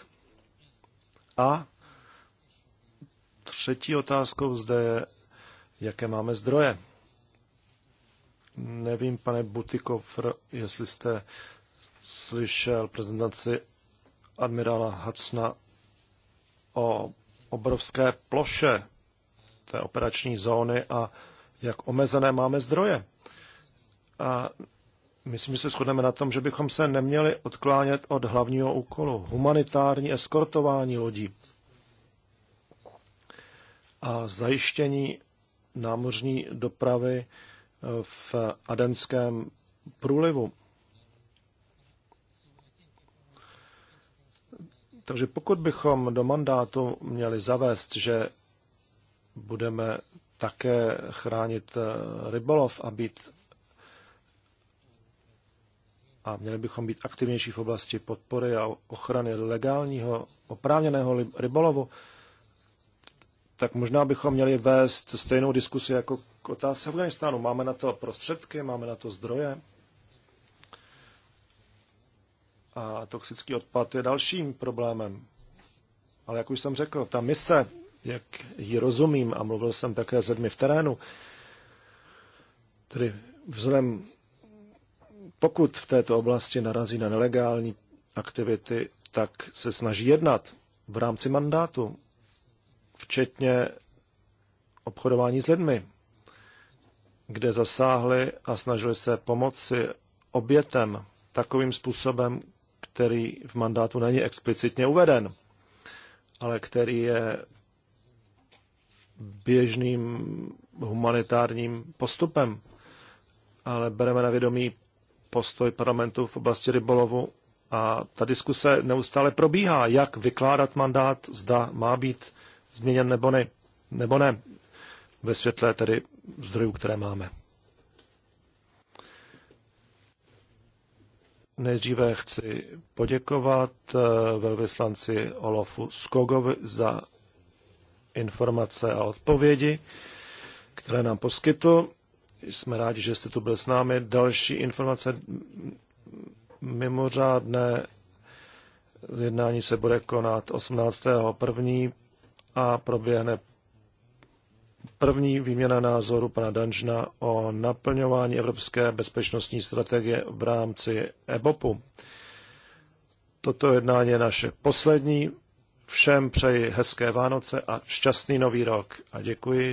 a třetí otázkou zde je, jaké máme zdroje. Nevím, pane Butikofr, jestli jste slyšel prezentaci admirála Hacna o obrovské ploše té operační zóny a jak omezené máme zdroje. A Myslím, že se shodneme na tom, že bychom se neměli odklánět od hlavního úkolu. Humanitární eskortování lodí a zajištění námořní dopravy eh, v Adenském průlivu. Takže pokud bychom do mandátu měli zavést, že budeme také chránit eh, rybolov a být a měli bychom být aktivnější v oblasti podpory a ochrany legálního oprávněného rybolovu, tak možná bychom měli vést stejnou diskusi jako k otázce Afganistánu. Máme na to prostředky, máme na to zdroje. A toxický odpad je dalším problémem. Ale jak už jsem řekl, ta mise, jak ji rozumím, a mluvil jsem také s lidmi v terénu, tedy vzhledem pokud v této oblasti narazí na nelegální aktivity, tak se snaží jednat v rámci mandátu, včetně obchodování s lidmi, kde zasáhli a snažili se pomoci obětem takovým způsobem, který v mandátu není explicitně uveden, ale který je běžným humanitárním postupem. Ale bereme na vědomí postoj parlamentu v oblasti rybolovu a ta diskuse neustále probíhá, jak vykládat mandát, zda má být změněn nebo ne, nebo ne ve světle tedy zdrojů, které máme. Nejdříve chci poděkovat eh, velvyslanci Olofu Skogovi za informace a odpovědi, které nám poskytl. Jsme rádi, že jste tu byl s námi. Další informace mimořádné jednání se bude konat 18.1. a proběhne první výměna názoru pana Danžna o naplňování Evropské bezpečnostní strategie v rámci EBOPu. Toto jednání je naše poslední. Všem přeji hezké Vánoce a šťastný nový rok a děkuji.